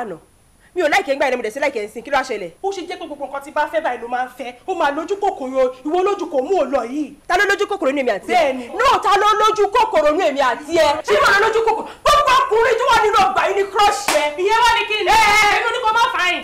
mi ò láìkẹ́ ńgbà yẹn mo dẹ̀ sí láìkẹ́ ń sìn kí ló ṣẹlẹ̀. ó ṣe jẹ́ pé gbogbo nǹkan tí bá fẹ́ báyìí ló máa ń fẹ́ ó máa lójú kòkòrò ìwọ lójú kò mú ò lọ yìí. ta ló lójú kòkòrò nù èmi àti ẹ. bẹ́ẹ̀ni náà ta ló lójú kòkòrò nù èmi àti ẹ. ṣé ìwọ lójú kòkòrò gbogbo ọkùnrin tí wọ́n nínú ọgbà yìí ni crush ẹ. ìyẹn wá ní kí ni. ẹ ẹ inú ni mo máa fà yín.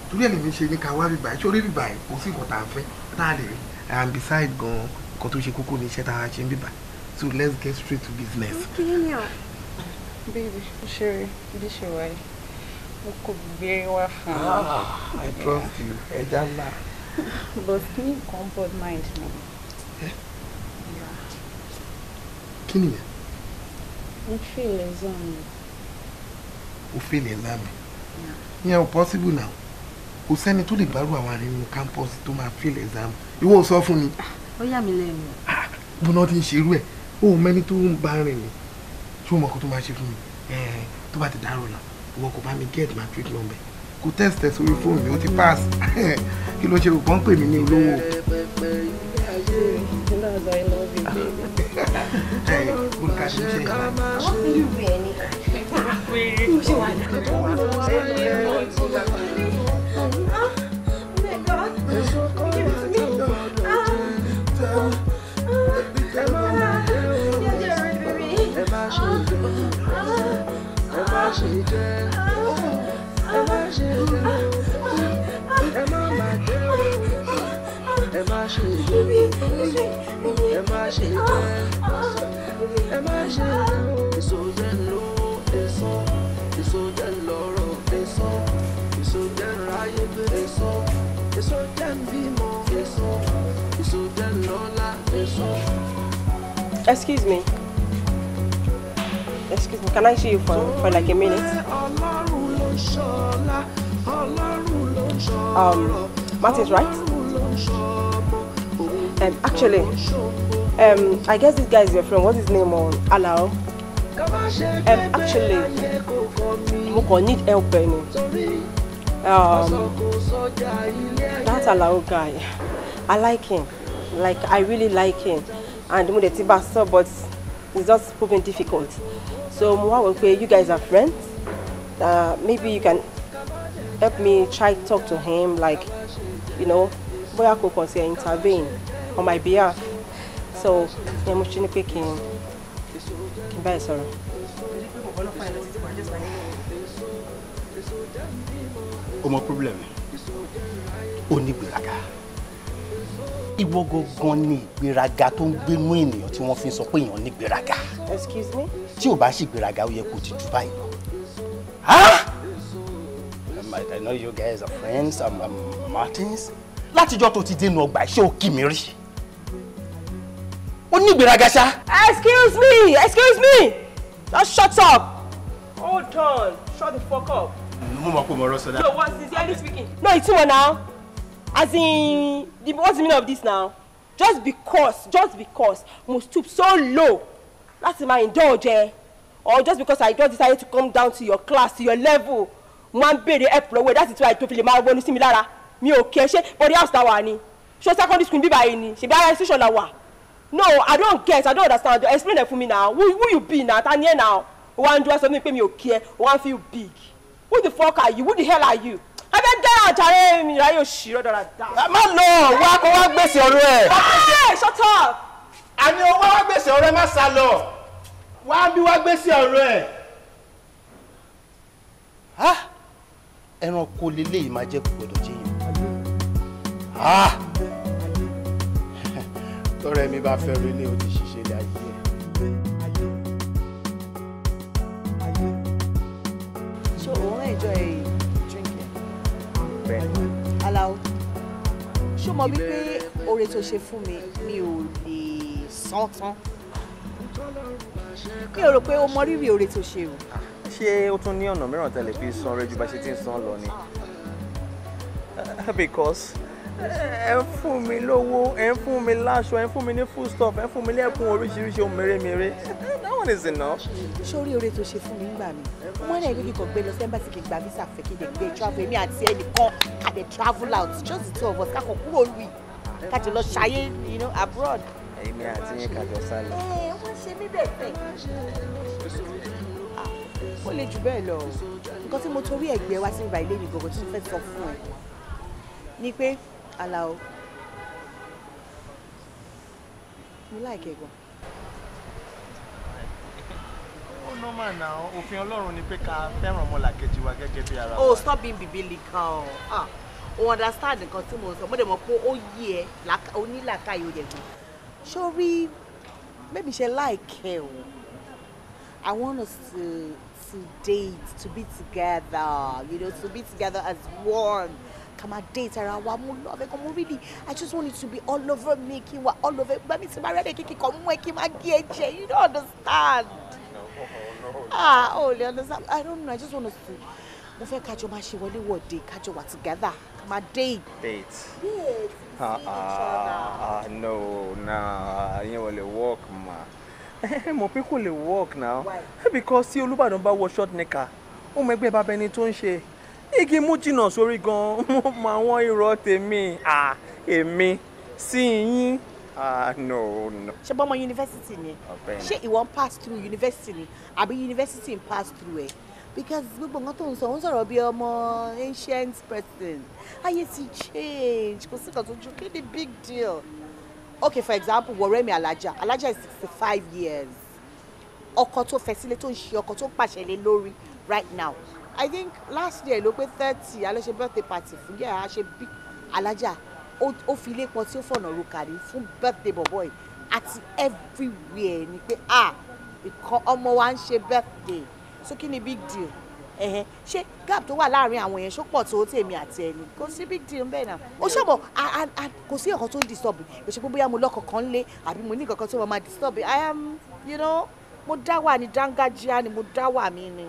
torí ẹ̀ lèmi ṣe ní ká wá bíbá sórí bíbá yìí kò sí nǹkan tá a fẹ́ tá a lè rí and beside gan nǹkan tó ṣe kókó ní iṣẹ́ tá a ṣe ń bíbá so let's get straight to business. bíbí ṣeré bí ṣe wáyé mo kò gbé e wá fún ọ. Ah, I trust you ẹja ńlá. but ní nǹkan board mind mi. kí nìyẹn. mo fèlè zan mi. o fèlè zan mi. yẹn o possible now kò sẹ́ni tó lè gbárù àwọn arìnrìn campus tó máa fail exam ìwọ sọ fún mi. Ah, ó yà mí lẹ́nu. bó ah, náà ti ń ṣerú ẹ̀ ó mẹ́ni tó ń bá rìn ni tí wọ́n mọ̀ kó tó máa ṣe fún mi tó bá ti dárò la ìwọ kò bá mi get my treat number kò test test orí fóònù mi ó ti pass kí ló ṣe rò pọ́n pè mí ní olówó. Thank you ẹ má ṣe jẹ́ ẹ má ṣe jẹ́ èso jẹ́ lóhùn. Excuse me. Excuse me. Can I see you for, for like a minute? Um, Martin's right? Um, actually, um, I guess this guy is your friend. What's his name? on Alao. Um, actually, mo kàn need help ẹ Um, that Alao guy, I like him. Like, I really like him. And mo dẹ̀ ti sọ, but it's just proving difficult. So mo you guys are friends. Uh, maybe you can help me try talk to him, like, you know, bóyá kò kàn intervene on my behalf. So, I'm ṣe ní pé kí n ọmọ problem ó ìwọ gangan ni ìgbéraga tó ń gbénú ènìyàn tí wọ́n fi sọ pé èèyàn ní excuse me tí ò bá ṣe ìgbéraga ó yẹ kó ti jù báyìí lọ. I know you guys are friends I'm, I'm Martins látijọ́ tó ti dénú ọgbà ṣé o kì mí rí ó ní ìgbéraga ṣá. excuse me excuse me just shut up hold on shut the fuck up no what sincerely speaking. no ìtumọ̀ now as in what's the meaning of this now just because just because mo stoop so low that's láti máa indulge eh? or just because i just decided to come down to your class to your level mo máa ń béèrè help lọ́wọ́ ẹ láti tún àìtó fi lè máa wọnú sí mi lára mi ò kẹ́ ṣé body house ta wà ni ṣé secondary school bíbá yìí ni ṣèbí ara institution la no i don't get i don't understand explain it for me now who, who you be now ta ni now one dress ń pay me okay. One feel big who the fuck are you who the hell are you abẹ dẹ́rẹ́ àjàre mi ìráyè òṣì rọ́dọ̀ rà dá. má lọ wá kó wá gbèsè ọ̀rọ̀ ẹ. ẹ ah, shut up. àní owó wá gbèsè ọ̀rọ̀ ẹ má sá lọ wá bí wá gbèsè ọ̀rọ̀ ẹ. Ah, ẹranko lélẹ́yìí máa jẹ́ kó gbọdọ̀ jẹ́ yẹn. tọrẹ mi bá fẹ́ rí ilé ojì ṣiṣẹ́ ilé ayé. So òun enjoy drinking. Pẹ̀lú Alao, ṣó mọ wípé oore tó ṣe fún mi mi ò lè san tán. Mi ò rò pé o mọ rírì oore tó ṣe o. Ṣé o tún ní ọ̀nà mìíràn tẹ́lẹ̀ fi san rẹ ju bá ṣe ti ń san lọ ni? Because ẹ ń fún mi lówó ẹ ń fún mi láṣọ ẹ ń fún mi ní full stop ẹ ń fún mi lẹ́kùn oríṣiríṣi mèremère that one is enough. sórí oore tó ṣe fún mi ńgbà mi wọn náà ìlú nìkan gbé lọ sí embassy kì í gba visa fẹ́ kí n dẹ̀ gbé travel èmi àti ẹnìkan àdẹ̀ travel out just the two of us kákan kúrò lùi kájọ lọ ṣayé you know abroad. èmi àti yín kájọ sálọ. ẹ wọ́n ṣe mí bẹ́ẹ̀ fẹ́ ah, ó lè jù bẹ́ẹ̀ lọ nǹkan tí mo torí ẹ̀gbẹ́ wá sí ìgbà ilé mi gbogbo tí fẹ́ sọ fún ẹ ni pé Alao mo láìkẹ́ e gan. ó nọ́mà náà òfin ọlọ́run ni pé ká fẹ́ràn ọmọlàkejì wa gẹ́gẹ́ bí ara wa. oh stop being biblical ah o understand nǹkan tí mo sọ mo dẹ̀ mọ̀ pé ó yí ẹ onílàkàyè ó yẹ gan. sórí maybe she like him. I want us to to date to be together you know to be together as one ká máa dé ìtara wa mo love ẹ̀kan really i just want it to be all over me kí n all over gbà mí tí n bá rẹ́ẹ̀dẹ̀ kí kíkọ́ mú you don't understand. No, no, no. ah oh, lè understand i don't know i just want us to mo fẹ́ kájọ máa ṣe wọlé wọ̀de catch wà together ká máa date. date. yes. ah ah ah no na you wọlé walk, ma mo pé walk now Why? because tí Olúbàdàn bá wọ short necker. ó mọ ẹgbẹ́ bàbá ẹni tó ń igi mú jìnnà sórí gan wọ́n mọ àwọn irọ́ tèmi à èmi sí yín no no. ṣe bọ́mọ yunifásitì ni ṣé ìwọ ń pass through yunifásitì ni àbí yunifásitì ń pass through ẹ̀ because gbogbo nǹkan tó ń sọ ń sọ̀rọ̀ bí ọmọ ancient person ayé ti change kò sí kan tó ju kí ni big deal okay for example wọ̀rẹ́ mi alájà alájà is sixty five years ọkọ tó fẹ́ sílé tó ń ṣe ọkọ tó ń pàṣẹ lé lórí right now I think last year ló pé thirty a lọ ṣe birthday party fún yàrá a ṣe big alájà ó fi ilé pọtí ó fọ̀nà ru kàrí fún birthday bọ̀bọ̀ yìí àti everywhere ni pé ah ìkan ọmọ wa ń ṣe birthday so kí ni big deal ẹ̀hẹ́n ṣé gap tó wà láàrin àwọn yẹn ṣó pọ̀ tó tèmi àti ẹni kò sí big deal bẹ́ẹ̀ náà ó ṣọ̀bọ̀ kò sí ọ̀kan tó ń disturb mi kò ṣe pé bóyá mo lọ́kọ̀ kan lé àbí mo ní nǹkan kan tó máa disturb I am you know mo dá wà ní dángájíá ni mo dá wà mí ni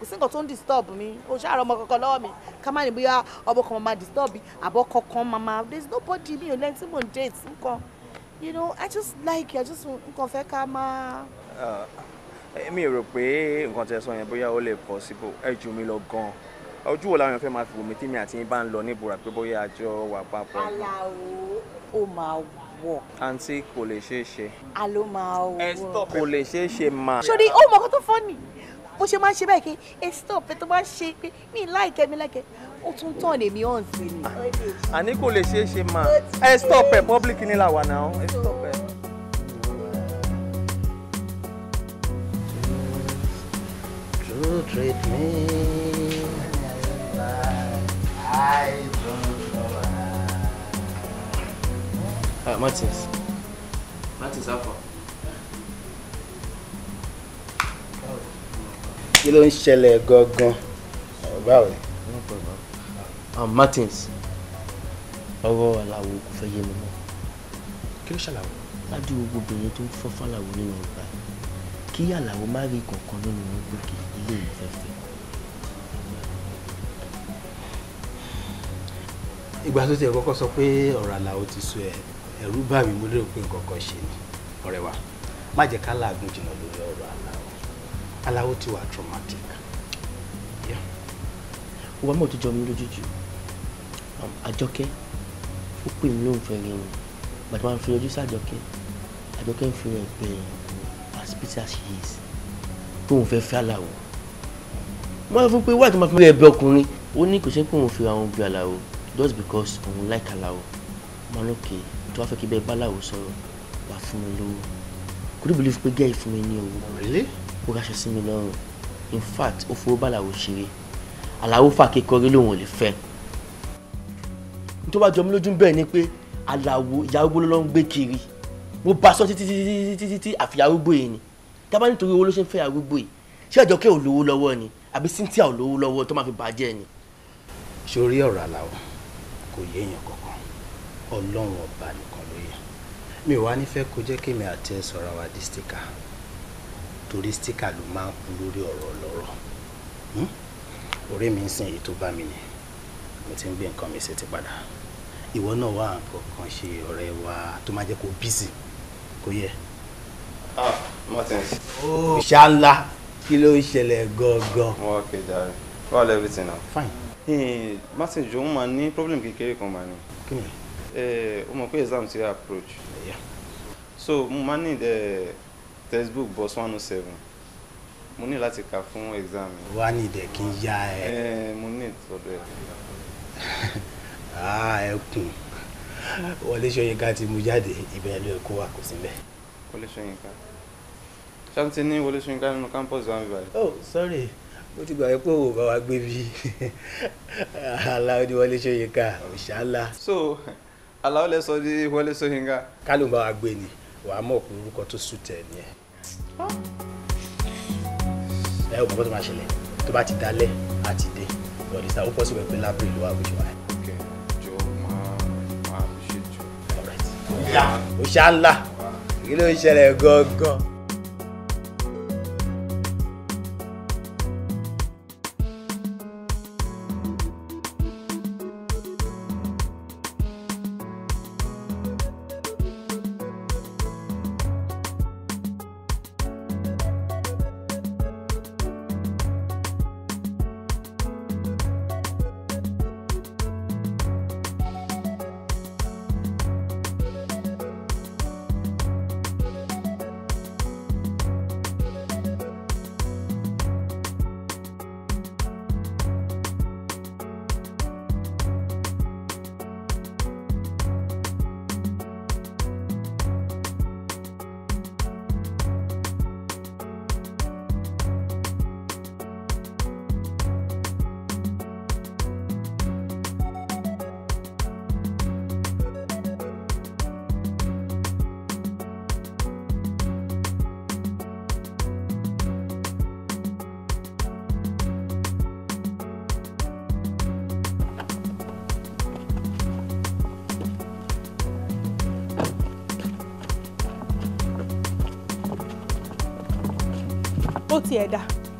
kò sí nǹkan tó ń disturb mi o ṣáà ọmọ kankan lọ́wọ́ mi ká má ní bóyá ọmọ kan máa disturb àbọ̀ kankan mama there is nobody mi ò lẹ́yìn tí mò ń date nǹkan you know i just like you i just nǹkan fẹ́ ká máa. èmi ah, eh, rò pé nǹkan tẹ́ sọ yẹn bóyá ó lè possible ẹ jù mí lọ gan-an ojú wo làwọn èèyàn fẹ́ máa fi wò mí tí mi àti yín bá ń lọ níbura pé bóyá àjọ wà papọ̀. aláwo ó máa wọ wọ. àǹtí kò lè ṣeé ṣe. a ló máa eh, wọ. ẹ stop kò lè ṣeé ṣe máa. sori ó mọ kó tó fọ́ nì bó ṣe máa ṣe báyìí kí ẹ stop ẹ tó máa ṣe pé mi láìkẹ́ mi láìkẹ́ ó tún tàn lèmi hàn sí ni. àní kò lè ṣeé ṣe máa ẹ stop ẹ public ni làwà náà ẹ stop ẹ. True treat me like I don't know. Uh, Martins. Martins, how far? kí ló ń ṣẹlẹ̀ gangan báwo ni. no Martins ọ̀rọ̀ aláwo kò fẹ́ yé mi mọ́. kí ló ṣàlàwọ̀. láti gbogbo obìnrin tó ń fọ́ fàlàwọ̀ nínú ọgbà kí àlàwo má rí kankan nínú wọn gòkè ilé ìfẹ́fẹ́. ìgbà tó tiẹ̀ kọ́kọ́ sọ pé ọ̀rọ̀ àlàwo ti sọ ẹ̀ ẹ̀rú bá mi mo lérò pé nǹkan kan ṣe ni ọ̀rẹ́ wa má jẹ́ ká làágùn jìnnà lórí ọ aláwọ̀ ti wà traumatic wà mọ̀ tó jọ mí lójújú um, àjọkẹ́ ó pè mí lóhùn fẹ́rẹ̀ rìn bàtà máa ń fi ojú sí àjọkẹ́ àjọkẹ́ ń fi rẹ̀ pé as bitter as she is pé òun fẹ́ fẹ́ aláwọ̀ wọ́n á fún pé wáyé tó máa fi rẹ̀ bẹ ọkùnrin ó ní kò ṣe pé òun fi àwọn obì aláwọ̀ just because òun like aláwọ̀ máa ń lókè tó wá fẹ́ kí bẹ́ẹ̀ bá aláwọ̀ sọ̀rọ̀ wà fún mi lówó could you believe pé gẹ́ẹ̀ fún mi ní owó. really? ó ráṣọ sí mi lọ́rùn in fact ó fowó bàlàwò ṣeré àlàó fàáké kọrí lòun ò lè fẹ́ tó bá jọ mí lójú bẹ́ẹ̀ ni pé àlàó ìyàwó gbó ló ń gbé kiri mo bá sọ títí títí títí títí àfi arúgbó yìí ni tábà nítorí owó ló ṣe ń fẹ́ arúgbó yìí ṣé àjọkẹ́ ò lówó lọ́wọ́ ni àbí Cynthia ò lówó lọ́wọ́ tó máa fi bàjẹ́ ni. sórí ọ̀rọ̀ àlàó kò yéèyàn kankan ọlọ́run ọba nìkan ló yẹ mi ò wá nífẹ̀ẹ́ kó jẹ́ kí mi àti ẹ sọ̀rọ̀ wa di torí stika ló máa ń kú lórí ọ̀rọ̀ lọ́rọ̀ hmm? ọ̀rẹ́ mi ń sìn èyí tó bá mi ni mo ti ń gbé nǹkan mi sí ti padà ìwọ náà wá nǹkan kan ṣe ọ̀rẹ́ wa tó máa jẹ́ kó bísí kó yẹ. Ah, ìṣá oh, ńlá kí ló ń ṣẹlẹ̀ gangan. wọ́n kè jàre wọ́n lọ everything now. fine. martin jo ń máa ní problem kékeré kan máa ní. kí ni. Eh, ó mọ̀ pé exam ti rí approach. so mo máa ní textbook boss one oh seven mo ní láti kà fún exam mi. wá ní ìdẹ kí n ya ẹ. ẹ mo ní ìtọ́jú ẹ. aa ah, ẹkùn Wọlé Ṣóyínká ti mú jáde ibẹ̀ ló ẹ̀kọ́ wa kò sí bẹ́ẹ̀. Wọlé Ṣóyínká ṣáàtì ní Wọlé Ṣóyínká nínú campus wa níbàdàn. oh sorry mo ti gbàgbé pé òwò bá wa gbé bí aláwọ̀ ni Wọlé Ṣóyínká òṣàlá. so aláwọ̀ lẹ sọ di Wọlé Ṣóyínká. kálù bá wa gbé ni wàá mọ̀ pé orúkọ tó sùn tẹ̀ ni ẹ̀ ẹ ò mọ bó tó máa ṣẹlẹ̀ tó bá ti dalẹ̀ àti dé ọ̀dẹ̀ sá ó pọ̀ sí wẹ̀ lábẹ́ ìlú àwùjọ wa. ó ṣá ńlá kí ló ń ṣẹlẹ̀ gangan.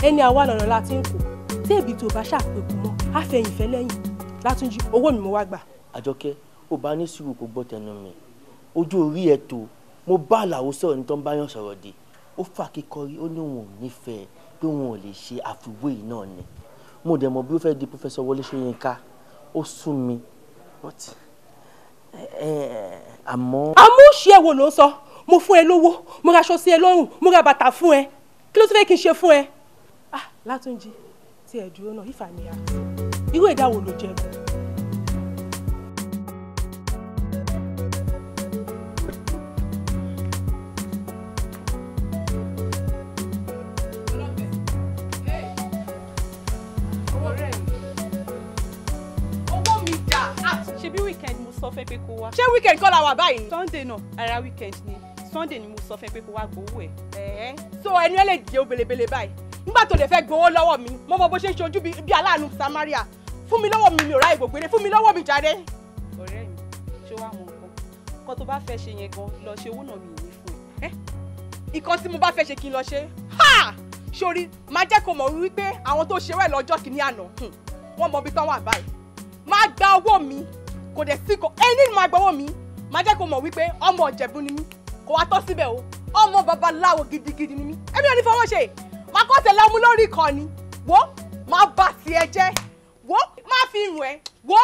ẹni àwa lọ̀rọ̀ la ti ń kó tí èbí tó bá ṣàpèkù mọ́ àfẹ̀yìnfẹ́ lẹ́yìn látúnjí owó mi mo wá gbà. àjọkẹ́ ó bá ní sùúrù kó gbọ́ tẹnu mi ojú orí ẹ̀ tó mo bá àlàó sọ̀rọ̀ ní tó yàn sọ̀rọ̀ dé ó fà kíkọrí ó ní òun ò nífẹ̀ẹ́ pé òun ò lè ṣe àfiwé yìí náà ni mo dẹ̀ mọ̀ bí ó fẹ́ di pọ́fẹ́sọ Wọlé Ṣóyínká ó sún mi àmọ́. àmúṣe ẹ̀ wo ló ń sọ mo fún ẹ lówó mo ra aṣọ sí ẹ lọ́rùn mo ra bàtà fún ẹ kí ló tún fẹ́ kí n ṣe fún ẹ látúnjí tí ẹ dúró náà ìfà mi àti irú ẹ̀dá wo ló jẹ́ gan. ṣebí weekend mo sọ fẹ́ pé kó wá. ṣé weekend kọ́ la wà báyìí. sunday náà ara weekend ni sunday ni mo sọ fẹ́ pé kó wá gbowó ẹ̀. ẹ̀ẹ́ so ẹni ẹ lè jẹ́ ó báyìí nígbà tó lè fẹ́ gbowó lọ́wọ́ mi mo mọ bó ṣe ń ṣojú bí aláàánú Samaria fún mi lọ́wọ́ mi mi ò ráyè gbò péré fún mi lọ́wọ́ mi jáde. ọ̀rẹ́ mi ṣé wàá mọ nǹkan kó tó bá fẹ́ ṣe yẹn gan lọ ṣe owó náà mi ò ní fún ẹ. ìkan tí mo bá fẹ́ ṣe kí n lọ ṣe sórí máa jẹ́ kó mọ̀ wípé àwọn tó ṣe wẹ̀ lọ́jọ́ kìíní àná wọ́n mọ ibi tán wà báyìí máa mi kò dẹ̀ sí ọmọ o ọmọ babaláwo gidigidi ni mí èmi ò ní fọwọ́ ṣe wà á kọ́ tẹ̀lé ọmú wo máa bá tiẹ̀ jẹ́ wo máa fi rùn ẹ́ wo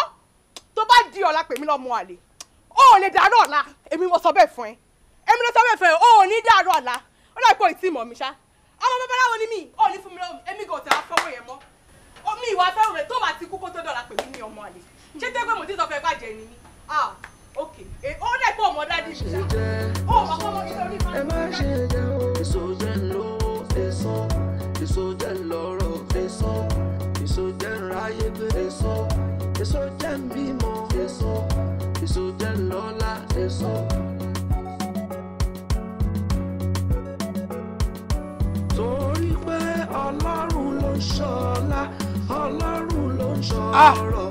tó bá di ọ̀la pèmí lọ́mọ àlè o ò lè dàrú ọ̀la èmi mo sọ bẹ́ẹ̀ fún ẹ èmi ló sọ bẹ́ẹ̀ fún ẹ o ò ní dàrú ọ̀la ó dà pé ìtì mọ̀ mi ṣá ọmọ babaláwo ni mí o ò ní fún mi lọ́mọ èmi kò tẹ̀ á fọwọ́ yẹn mọ́ omi ìwà fẹ́ràn rẹ̀ tó bá ti kú kó tó dọ̀la pèmí ní ọmọ àlè ṣé tẹ́ pé mo ti sọ fẹ́ bàjẹ́ ni mí ah ok ó e, dà pé ọmọ dádì mi ṣá ó ọmọ kọ́mọ ìṣòro ìfọ̀n èso jẹ́ lọ́rọ̀ èso èso jẹ́ ráyé èso èso jẹ́ bímọ èso èso jẹ́ lọ́lá torí pé ọlọ́run ló ń ṣọlá ọlọ́run ló ń ah! ṣọrọ̀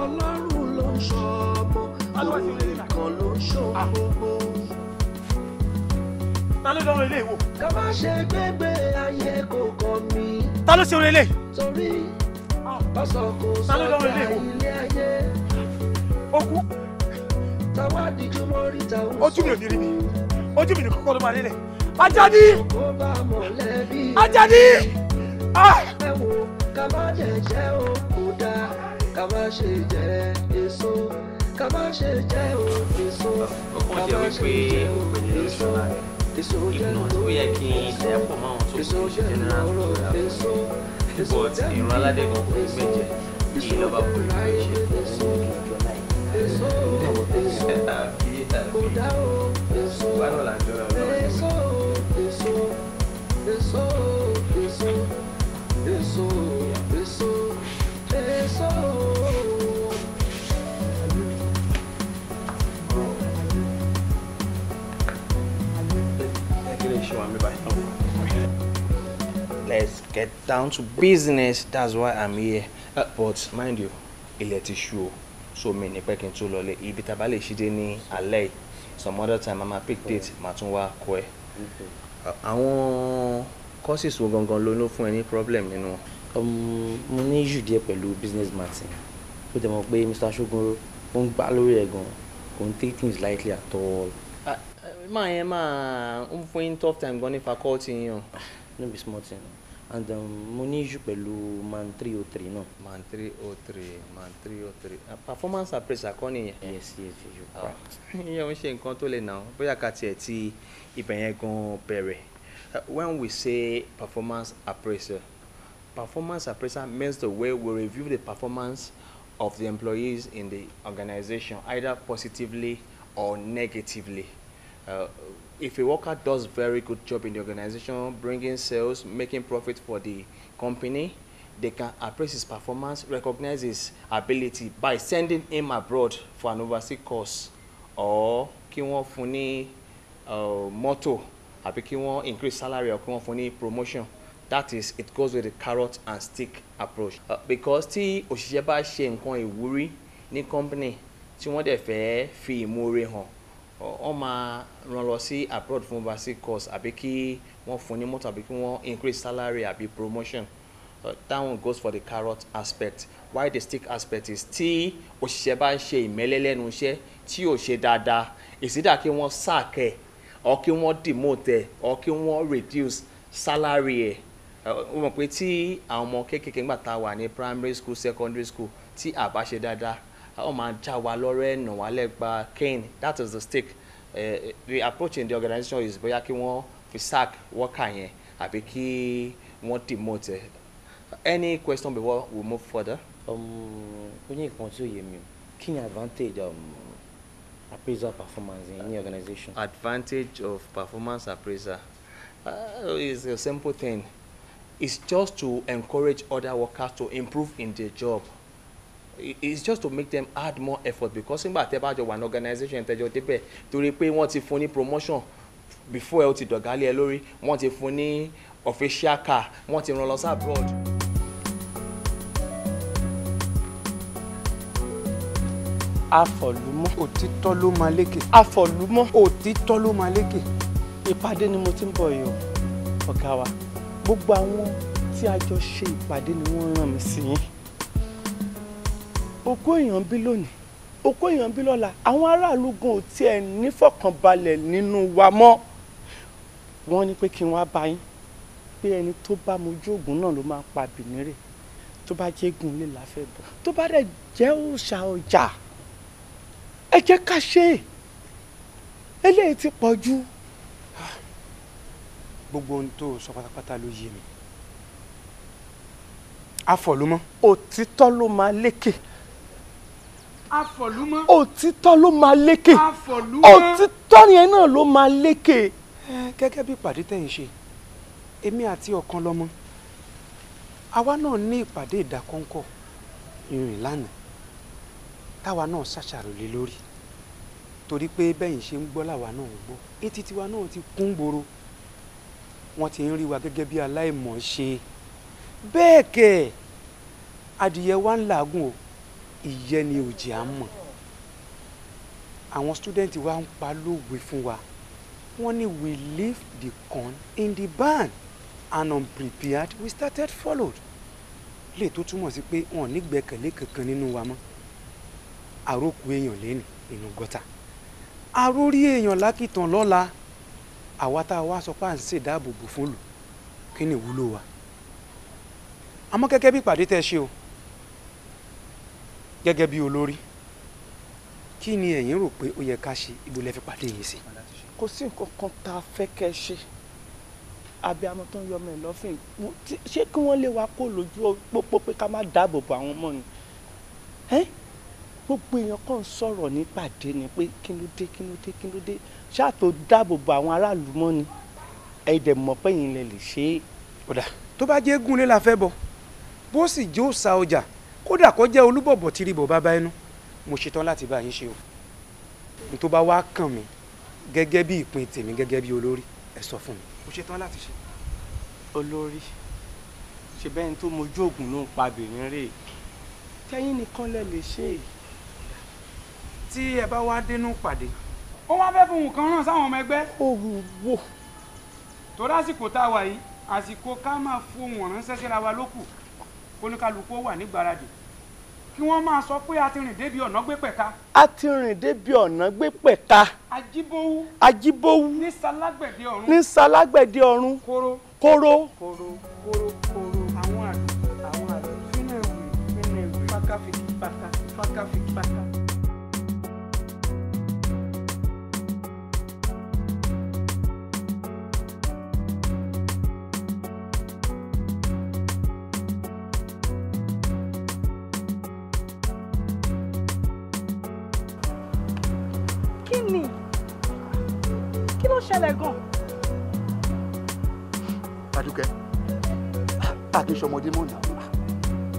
ọlọ́run ló ń ṣọmọ òun nìkan ló ń ṣọ gbogbo ta ló dánwó ilé ìwò. ká má ṣe gbégbé ayé kò kọ́ mi. ta ló ṣe orin ilé. torí ah. ọ̀sán kò sọ̀rọ̀ ilé ayé. ó kú. dìjú mọ́ rí táwọn sọ. ojú mi ò ní rí mi ojú mi ní kókó ló máa nílẹ̀. Ajadi! Ajadi! Ah! ẹ wo ká má jẹ jẹ o kò ká má ṣe jẹ èso ká má ṣe jẹ o èso ká má ṣe jẹ o èso if not ó yẹ kí n dẹ́pọ̀ mọ́ àwọn tó kù ṣe general tura but ìran aládé kò ní mẹ́jẹ kí ìjọba kò ní mẹ́jẹ àbí àbí wàhálà làjọ rẹ ọlọ́run. Let's get down to business. That's why I'm here. Uh, but mind you, let ti show. So many ní pẹ́ kí n tó lọlé. Ibi tá a bá Some other time, màmá pick date, màá tún wá kọ ẹ. Àwọn courses wo gangan ló ló fún ẹ ní problem nínú wọn. Um, mo ní issue díẹ̀ pẹ̀lú business martin. Ó dẹ̀ mọ̀ Mr. Shogun. ó ń gbá lórí ẹ̀ gan-an. take things lightly at all máa yẹn máa ń fún yín tough time gan ní faculty yín o. no be small thing and um, mo ní issue pẹ̀lú man three oh three náà. man three oh three man three oh three ah, performance appraiser, kọ́ nìyẹn. yes yes you are. Ah. ìyẹn ń ṣe nǹkan tó lè nà ó bóyá ká tiẹ̀ ti ibẹ̀ yẹn gan bẹ̀rẹ̀ uh, when we say performance appraiser, performance appraiser means the way we review the performance of the employees in the organization either positively or negatively uh, if a worker does very good job in the organization, bringing sales, making profit for the company, they can appraise his performance, recognize his ability by sending him abroad for an overseas course or kí wọ́n fún ní uh, mọ́tò àbí kí wọ́n increase salary or kí wọ́n fún ní promotion that is it goes with the carrot and stick approach uh, because tí òṣìṣẹ́ bá ṣe nǹkan ìwúrí ní company tí wọ́n dẹ̀ fẹ́ fi ìmoore hàn wọ́n máa ràn lọ sí abroad fún overseas course àbí kí wọ́n fún ní mọ́tò àbí kí wọ́n increase salary àbí promotion uh, that one goes for the carrot aspect why the stick aspect is tí òṣìṣẹ́ bá ń ṣe ìmẹ́lẹ́ lẹ́nu iṣẹ́ tí ò ṣe dáadáa ìsídà kí wọ́n sack ẹ̀ or kí wọ́n demote ẹ̀ or kí wọ́n reduce salary ẹ̀ ó mọ̀ pé tí àwọn ọmọ kéékèèké ń gbà tá wà ní primary school secondary school tí àbá ṣe dáadáa Oh my, Jawa, wa lọ́rẹ́ nà Kane. that is the stick. uh, the approach in the organization is bóyá kí wọ́n fi sack worker yẹn àbí kí wọ́n demote any question before we move further. Um, ní nǹkan tí ó yé mi o advantage um, appraisal performance in any organization. advantage of performance appraisal uh, is a simple thing it's just to encourage other workers to improve in their job it's just to make them add more effort because nígbà tẹ́ bá jọ wà ní organization tẹ́jọ débẹ̀ torí pé wọ́n ti fún ní promotion before ẹ ó ti dọ̀gálẹ̀ ẹ lórí wọ́n ti fún ní official car wọ́n ti rán lọ sí abroad. afọ̀lúmọ́ òtítọ́ ló máa lékè afọ̀lúmọ́ òtítọ́ ló máa lékè ìpàdé ni mo ti ń bọ̀ yìí o ọ̀gá wa gbogbo àwọn tí a jọ ṣe ìpàdé ni wọ́n rán mi sí yín okó èèyàn bí lónìí okó èèyàn bí lọ́la àwọn aráàlú gan ò tiẹ̀ nífọ̀kànbalẹ̀ nínú wa mọ́ wọ́n ní pé kí wọ́n á bá yín pé ẹni tó bá mojú ògùn náà ló máa pa bìnírè tó bá jẹ́ egun ilé la fẹ́ bọ̀ tó bá dẹ̀ jẹ́ òòṣà ọjà ẹ jẹ́ ká ṣe eléyìí ti pọ̀ jù. gbogbo ohun tó sọ pátápátá ló yé mi afọ ló mọ. òtítọ́ ló máa lékè òtítọ́ ló máa lékè òtítọ́ yẹn náà ló máa lékè. gẹ́gẹ́ bí ìpàdé tẹ̀yìn ṣe èmi àti ọ̀kan lọ́mọ àwa náà ní ìpàdé ìdákọ́ńkọ́ ìrìn lánàá táwa náà ṣàṣàròlé lórí torí pé bẹ́yìn ṣe ń gbọ́ làwa náà ń gbọ́ etí tiwa náà ti kún gbòòrò wọ́n ti ń rí wa gẹ́gẹ́ bí aláìmọ̀ ṣe bẹ́ẹ̀ kẹ̀ adìyẹ wa ń làágùn o ìyẹn ni òjì à ń mọ̀ àwọn student wa ń pa lóòwe fún wa wọ́n ní we leave the corn in the barn and unprepared we started followed lè tó túmọ̀ sí pé wọn ò ní gbẹ́kẹ̀lé kankan nínú wa mọ́ àrókù èèyàn lẹ́nu nínú gọ́tà àrórí èèyàn lákìtàn lọ́la àwa tá a wá sọ pé à ń ṣèdáàbòbò fún lù kí ni ìwúlò wa àmọ́ gẹ́gẹ́ bí ìpàdé tẹ́ ṣe o gẹ́gẹ́ bí olórí kí ni ẹ̀yin rò pé ó yẹ ká ṣe ibo lẹ fi pàdé yìí sí. kò sí nǹkan kan tá a fẹ́ kẹ́ ṣe abiyamọ tó ń yọmọ ẹ lọ́fìn ṣé kí wọ́n lé wa kó lójú pópó pé ká má dáàbò bo àwọn ọmọ ni gbogbo èèyàn kàn ń sọ̀rọ̀ nípàdé ni pé kí ló dé kí ló dé kí ló dé ṣáà dáàbò bo àwọn aráàlú mọ́ ni ẹ mọ̀ pé yìí lè lè ṣe é. tó bá jẹ́ gúnlé la fẹ́ bọ̀ bó sì jó sa ọjà kódà kó jẹ́ olúbọ̀bọ̀ tí rí bọ̀bá bá ẹnu mo ṣetán láti bá yín ṣe o n tó bá wá kàn mí gẹ́gẹ́ bí ìpín tèmi gẹ́gẹ́ bí olórí ẹ sọ fún mi. mo ṣetán láti ṣe. olórí ṣe bẹ́ẹ̀ tó mojú oògùn ló ń pa bìnrin rè tẹ́yìn nìkan lẹ lè ṣe é. tí ẹ bá wá dénú pàdé. ó wá fẹ́ fohùn kan ràn sáwọn ọmọ ẹgbẹ́. ohun wo. tó lásìkò tá a wà yìí àsìkò ká máa fohùn ránṣẹ́ síra wa ló oníkálukú wà nígbáradì kí wọ́n máa sọ pé a débi ọ̀nà gbé pẹ̀ka. a débi ọ̀nà gbé pẹ̀ka. ajíbówú. ajíbówú. ní salágbẹ̀dẹ ọ̀run. ní salágbẹ̀dẹ ọ̀run. kóró. kóró. kóró kóró kóró àwọn àgbẹ̀ àwọn àgbẹ̀ fínà ìwé fínà ìwé pákáfíkì pákà pákáfíkì ṣẹlẹ̀ gan. Adúkẹ́, àti ìṣọmọdé mọ̀ náà,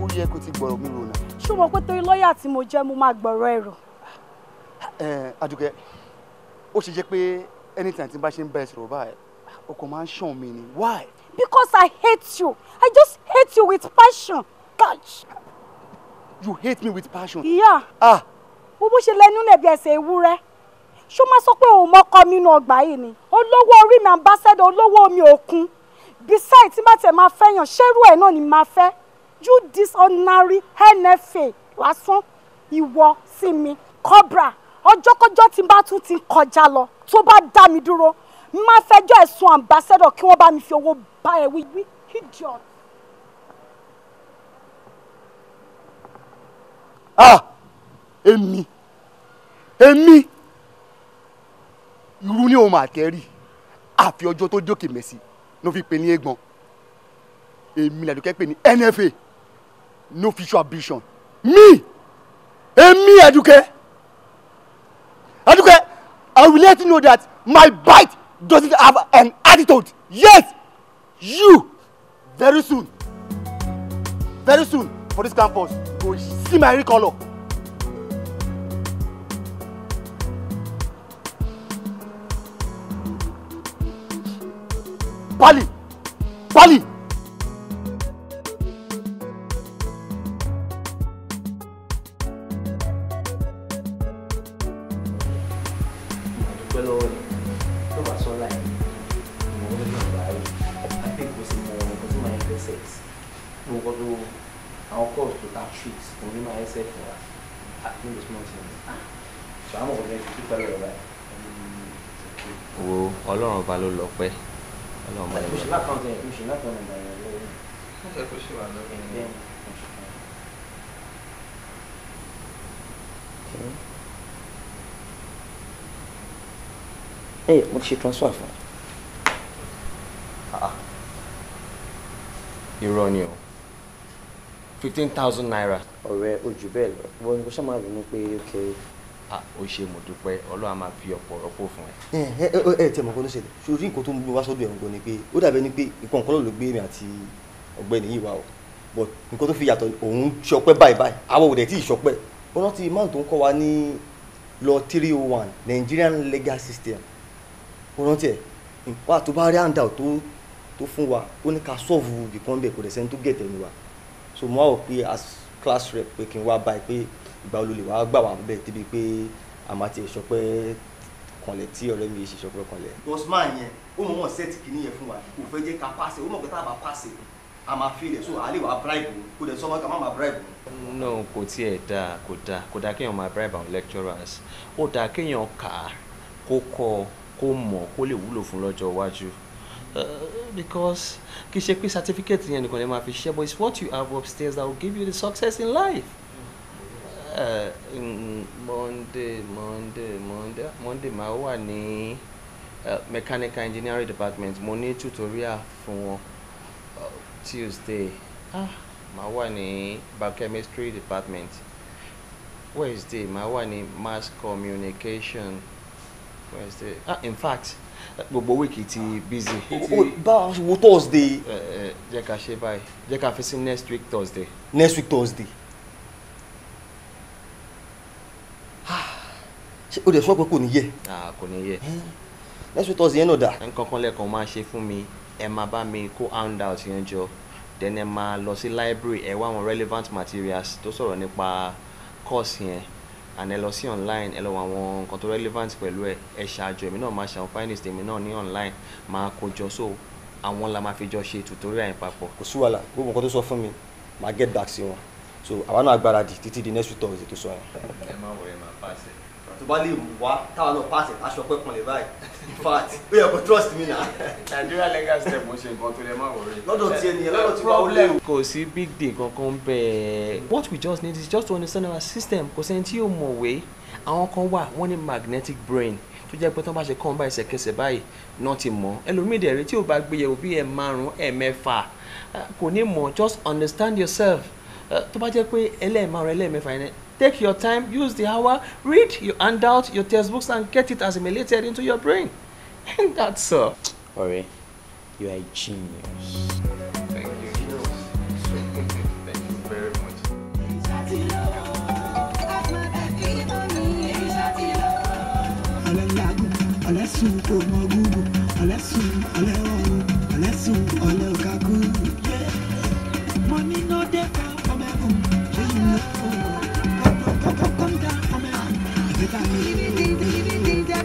ó yẹ kó ti gbọ́rọ̀ mi rò náà. Ṣé o mọ̀ pé torí lọ́ọ̀yà tí mo jẹ́ mo máa gbọ́rọ̀ ẹ̀rọ? Adúkẹ́, ó ṣe jẹ́ pé anytime tí n bá ṣe ń bá ẹ sọ̀rọ̀ báyìí, o kò máa ń ṣàn mí Why? Because I hate you. I just hate you with passion. Catch. You hate me with passion? Yeah. Ah. Wo bó ṣe lẹnu lẹ̀bi ẹsẹ̀ ewúrẹ́ ṣó má sọ pé òun mọ́kọ́ mi nínú ọgbà yìí ni olówó orí mi ambassador olówó omi òkun beside tí má tẹ̀ máa fẹ́ yàn ṣérú ẹ̀ náà ni máa fẹ́ you dishonorary nfa lásán ìwọ sí mi cobra ọjọ́kọ́jọ́ tí n bá tún ti kọjá lọ tó bá dá mi dúró má fẹjọ́ ẹ̀sùn ambassador kí wọ́n bá mi fi owó bá ẹ̀ wí idiot. ah èmi èmi irú ní òun àtẹ́rì àfi ọjọ́ tó jókè mẹ́sì ló fi pè ní egbọn èmi làdùkẹ́ pè ní NFA no future ambition me èmi àdùkẹ́ àdùkẹ́ I will let you know that my bite doesn't have an attitude yes you very soon very soon for this campus go see my real colour. Bali. ẹ mo ti ṣe transfer fún un. Ah. irọ́ o fifteen thousand naira. ọ̀rẹ́ ojú bẹ́ẹ̀ lọ wọ́n ní kó sábà rí ni pé ok. Ah, o ṣe mo dúpẹ́ ọlọ́run máa fi ọ̀pọ̀ rọ́pò fún ẹ. ẹ ẹ ẹ tẹ mọ̀ kó ló ṣẹlẹ̀ sórí nǹkan tó ń gbé wá sọ́dọ̀ ẹ̀hún gan ni pé ó dàbẹ́ ni pé nǹkan kan ló gbé mi àti ọ̀gbẹ́ni yìí wá o but nǹkan tó fi yàtọ̀ òun ṣọpẹ́ báyìí báyìí àwọn òdẹ̀ tí ì ṣọpẹ́ wọ́n rántí máà tó ń kọ́ wa ní law three oh one Nigerian legal system ó rántí ẹ̀ wà tó bá rí àǹdà tó tó fún wa ó ní ká sọ́ọ̀vù ìkan bẹ̀ kò dẹ̀ sẹ́ni tó gẹ̀tẹ̀ ni wa so mo wá wò pé as class rep pé kí n wá báyìí pé ìgbà olólè wa gbà wá bẹ̀ débi pé àmà ti ìṣọpẹ́ kanlẹ̀ tí ọ̀rẹ́ mi ṣe ìṣọpẹ́ kanlẹ̀. Usman yẹn ó mọ̀ mọ̀ sẹ́ẹ̀tì kìíní yẹn fún wa kò fẹ́ jẹ́ ká pàṣẹ ó mọ̀ pé tá bá pàṣẹ a máa fi rẹ̀ so àlè wàá bribe o kò dẹ̀ sọ́mọ́ ká má máa bribe o. no kò tiẹ̀ dáa kò dáa kò dáa kéèyàn máa bribe àwọn lecturers ó dáa kéèyàn kà á kó kọ́ ọ kó mọ̀ kó lè wúlò fún lọ́jọ́ iwájú uh, because kì í ṣe pé certificate yẹn nìkan lè máa fi ṣiṣẹ́ but it's what you have upstairs that will give you the success in life. Uh, Monday Monday Monday Monday máa wà ní uh, mechanical engineering department mo ní tutorial fún wọn uh, Tuesday ah máa wà ní biochemistry department Wednesday máa wà ní mass communication Wednesday ah in fact gbogbo wíìkì ti busy Oh, wo Thursday. Eh, eh, jẹ́ ká ṣe báyìí jẹ́ ká fi sí next week Thursday. next week Thursday. Ah, ṣé o dẹ̀ sọ pé kò ní yẹ. Ah, kò ní yẹ. Eh, next week Thursday yẹn náà dà. nǹkan kan lẹ́ẹ̀kan máa ṣe fún mi ẹ máa bá mi kó handout yẹn jọ then ẹ máa lọ sí library ẹ wá àwọn relevant materials tó sọ̀rọ̀ nípa course yẹn and ẹ lọ sí online ẹ lọ wọ àwọn nǹkan tó relevant pẹ̀lú ẹ ẹ ṣàjọ èmi náà máa ṣe àwọn findings tèmi náà ní online máa kójọ so àwọn la máa fi jọ ṣe tutorial yẹn papọ̀. kò sí wàhálà gbogbo nǹkan tó sọ fún mi máa get back sí wọn so àwa náà gbáradì títí di next week thursday tó sọ yẹn. ẹ má wọ ẹ má pàṣẹ tó bá lè wá táwọn náà pàṣẹ aṣọ pẹ́ pọnlẹ̀ báyìí in fact ó trust me na. Nigeria legal step mo big day what we just need is just to understand our system kò sẹ́ni more way, mọ̀wé àwọn kan wà wọ́n ní magnetic brain To just put tán bá ṣe kàn bá ẹsẹ̀kẹsẹ̀ báyìí náà ti mọ̀ ẹlòmíì dẹ̀ rí tí ò bá gbé yẹ̀wò bí ẹ̀ márùn ẹ̀ mẹ́fà just understand yourself tó put jẹ́ pé ẹlẹ́ẹ̀márùn ẹlẹ́ẹ̀mẹ́fà yẹn Take your time, use the hour, read your handout, your textbooks, and get it assimilated into your brain. And that's all. Ore, you are a genius. Thank you. Thank you very much.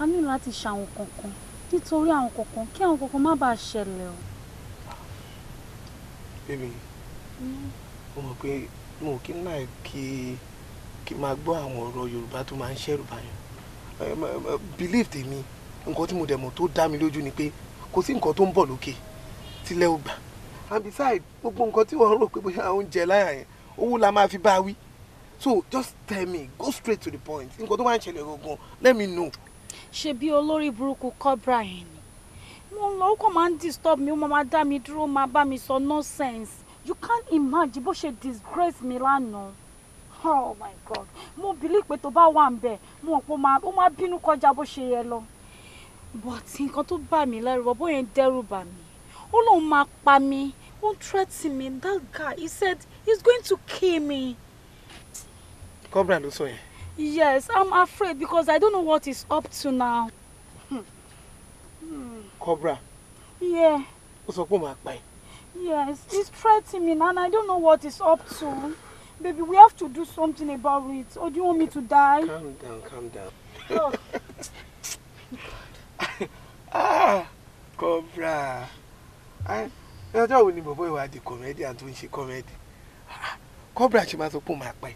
a ní láti ṣàwọn kankan nítorí àwọn kankan kí àwọn kankan má bàa ṣẹlẹ̀ o. bébì hmm. mo mọ̀ pé mo kí n láì kí kí n máa gbọ́ àwọn ọ̀rọ̀ yorùbá tó máa ń ṣẹ́rù báyọ̀ eh, believe tèmi nǹkan tí mo dẹ̀ mọ̀ tó dá mi lójú ni pé kò sí nǹkan tó ń bọ̀ lókè tilẹ̀ ò gbà and besides gbogbo nǹkan tí wọ́n rò pé bóyá oúnjẹ láyà yẹn owó la máa fi bá wí so just tell me go straight to the point nǹkan tó máa ń ṣẹlẹ̀ gangan let me know ṣe bí olórí burúkú cobra yẹn ni mo ń lọ ó kàn máa ń disturb mi ó máa dá mi dúró máa bá mi sọ nonsense you can't imagine bó ṣe disgrace mi lánàá oh my god mo bìlí pé tó bá wà ń bẹ̀ mo mọ̀ pé ó máa bínú kọjá bó ṣe yẹ lọ but nǹkan tó bà mí lẹ́rù bọ́ bóyá ń dẹ́rù bà mí ó lóun máa pa mí ó ń threaten me that guy he said he's going to kill me. cobra ló sọ yẹn. Yes, I'm afraid because I don't know what is up to now. Hmm. Hmm. Cobra. Yeah. Ó sọ Yes, he's threatening me, and I don't know what is up to. Baby, we have to do something about it. Or do you want me to die? Calm down, calm down. Oh. ah, Cobra. Ah, ọjọ́ wo ni bọ̀bọ̀ ìwà di comedian tó ń ṣe comedy? Ah, Cobra she must open my màá pa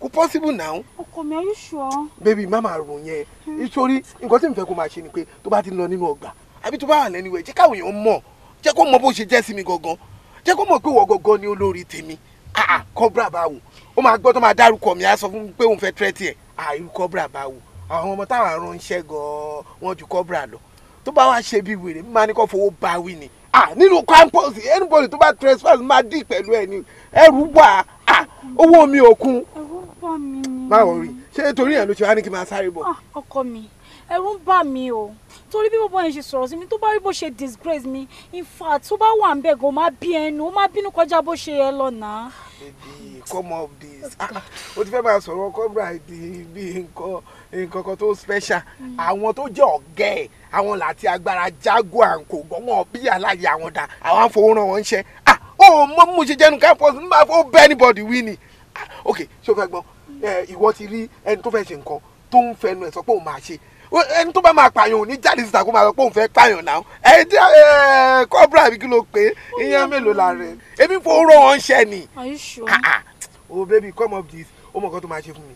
kò possible now. ọkọ mi are you sure. baby má máa rò yẹn hmm. nítorí nǹkan tí mo fẹ́ kó máa ṣe ni pé tó bá ti lọ nínú ọgbà àbí tó bá wà lẹ́nu ẹ̀ jẹ́ káwọn èèyàn mọ̀ jẹ́ kó mọ bó ṣe jẹ́ sí mi gangan jẹ́ kó mọ̀ pé wọ́n gangan ni olórí tèmi àà ah, kọ́bra ah, báwo ó máa gbọ́ tó máa dárúkọ mi á sọ fún mi pé òun fẹ́ tẹ́tí ẹ̀ àìrú ah, kọ́bra báwo àwọn ọmọ táwọn àrùn ń ṣẹ́ gan-an wọ́n ju kọ́bra lọ tó bá wá ṣe bí wèrè máa ní kó fowó bá wí ni nínú campus anybody tó bá trespass máa dì pẹ̀lú ẹ̀ ní ẹrù wà Ah, owó mi ò kún. ẹ̀rù ń bà mí ni. má wọ rí ṣé torí ẹ̀ ló ti wá ní kí n máa sáré bọ̀. Ah, ọkọ mi ẹ̀rù ń bà mí o torí bí bọ́bọ́ yẹn ṣe sọ̀rọ̀ sí mi tó bá rí bó ṣe disgrace mi in fact tó bá wà ń bẹ̀ gan ó máa bí ẹnu ó máa bínú kọjá bó ṣe yẹ lọ́nà. baby come off this ah, o ti fẹ́ máa sọ̀rọ̀ kọ́bra bí nǹkan nǹkan kan tó special mm. àwọn tó jẹ́ ọ̀gá ẹ̀ àwọn làti agbára jaguar kò gbọ́n wọn bí aláyé àwọn dà àwọn afowórán wọn ń ṣe ah o mọ mo ṣe jẹnu káfọ́ ní máa fọ́ bẹ́ẹ̀ anybody wí ni ah, ok ṣé o fẹ́ gbọ́ ìwọ ti rí ẹni tó fẹ́ ṣe nǹkan tó ń fẹnu ẹ̀ sọ pé òun máa ṣe ẹni tó bá máa pààyàn òní jáde síta kó máa sọ pé òun fẹ́ pààyàn náà ẹ jẹ́ kọ́bùrà mi kí ló pé ìyẹn mélòó la rẹ̀ èmi fowó rọ wọn ṣẹ ni ah, ah. oh baby come up this ó mọ̀ nǹkan tó máa ṣe fún mi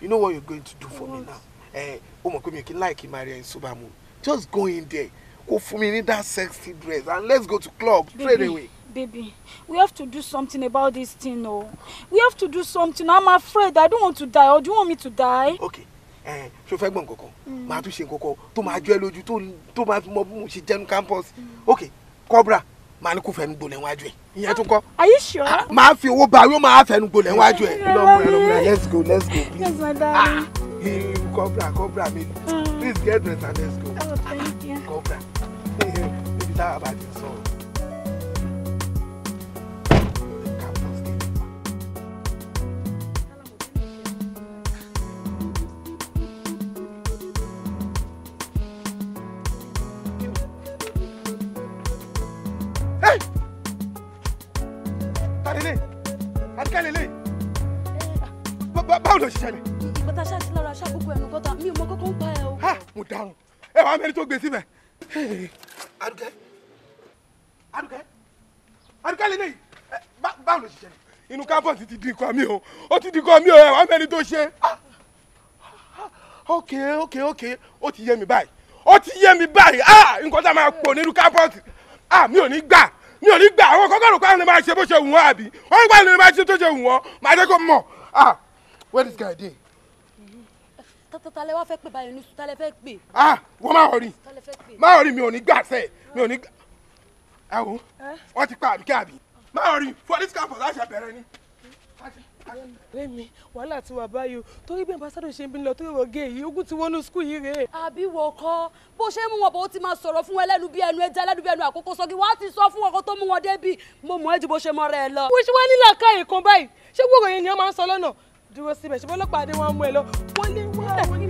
you know what you're going to do for me now ẹ ó mọ̀ pé mi kì í láìkí máa rí ẹni sober mood just go in there kó fún mi ní that sexy dress and let's go to club straight away. Baby, we have to do something about this thing, oh. We have to do something. I'm afraid. I don't want to die. Or do you want me to die? Okay. Eh, ṣó fẹ́ gbọ́ nǹkankan. Mm. Màá tún ṣe nǹkankan tó máa jọ ẹ́ lójú tó tó máa fi mọ bí mo ṣe jẹ́nu campus. Okay. Cobra, màá ní kó fẹnu gbolẹ̀ wájú ẹ̀. Ìyẹn tún kọ́. Are you sure? Ah, màá fi owó bá yóò máa fẹnu gbolẹ̀ wájú ẹ let's go let's go please. my ah, darling. Ah, Cobra Cobra mi. Ah. Please get dressed and let's go. Oh, thank you. Cobra, ibi táwa bá ti sọ̀rọ̀. báwo ló ṣiṣẹ́ lẹ̀. ìgbà tá a ṣáàtì lára ṣàkókò ẹnu kọ́ta mi ò mọ kọ́kọ́ ń pa ẹ o. mo dárun ẹ wàá mẹ́rin tó gbé síbẹ̀. adùkẹ́ adùkẹ́ adùkẹ́ lè léyìí báwo ló ṣiṣẹ́ lẹ̀. inú kábọ̀sì ti di nǹkan mi o ó ti di nǹkan mi o ẹ wàá mẹ́rin tó ṣe. Ah! ok ok ok ó ti yé mi báyìí ó ti yé mi báyìí ah! nǹkan tá a máa pò nínú kábọ̀sì ah! mi ò ní gbà mi ò ní gbà àwọn kọ́kọ́rù kan ní ma ṣe bó ṣe wù wọ́n àbí wọ́n gbà ní ma ṣe tó ṣe wù wọ́n màá jẹ́ kó mọ̀ where this guy dey. tọ́tọ́tàlẹ́ wá fẹ́ pè báyìí ní sùtàlẹ́ fẹ́ pè. ah wọ́n máa wọrí máa wọrí mi ò ní gbà sẹ́ mi ò ní gbà. ẹ wo wọ́n ti pa àbí kí àbí. máa wọrí for this campus láṣà bẹ̀rẹ̀ ni. Rẹ́mi wàhálà ti wà báyìí o torí bí ambassadọ̀ ṣe ń bí lọ tó rọ̀ gé yìí ogun ti wọnú skul yìí rèé. àbí wọ kọ bó ṣe mú wọn bó ti máa sọ̀rọ̀ fún wọn ẹlẹ́nu bí ẹnu ẹja ẹlẹ́nu bí ẹnu àkókò sọ́gi wàá ti sọ fún ọkọ tó mú wọn débi mo mọ̀ ẹ́ ju bó ṣe mọ́ rẹ̀ lọ. mo ṣe wá nílà ká èèkan báyìí ṣé gbogbo yẹn ni wọ́n máa ń sọ lọ́nà dúró síbẹ̀ ṣe bọ́lọ́pàá adé wọn mú ẹ lọ wọlé wọlé.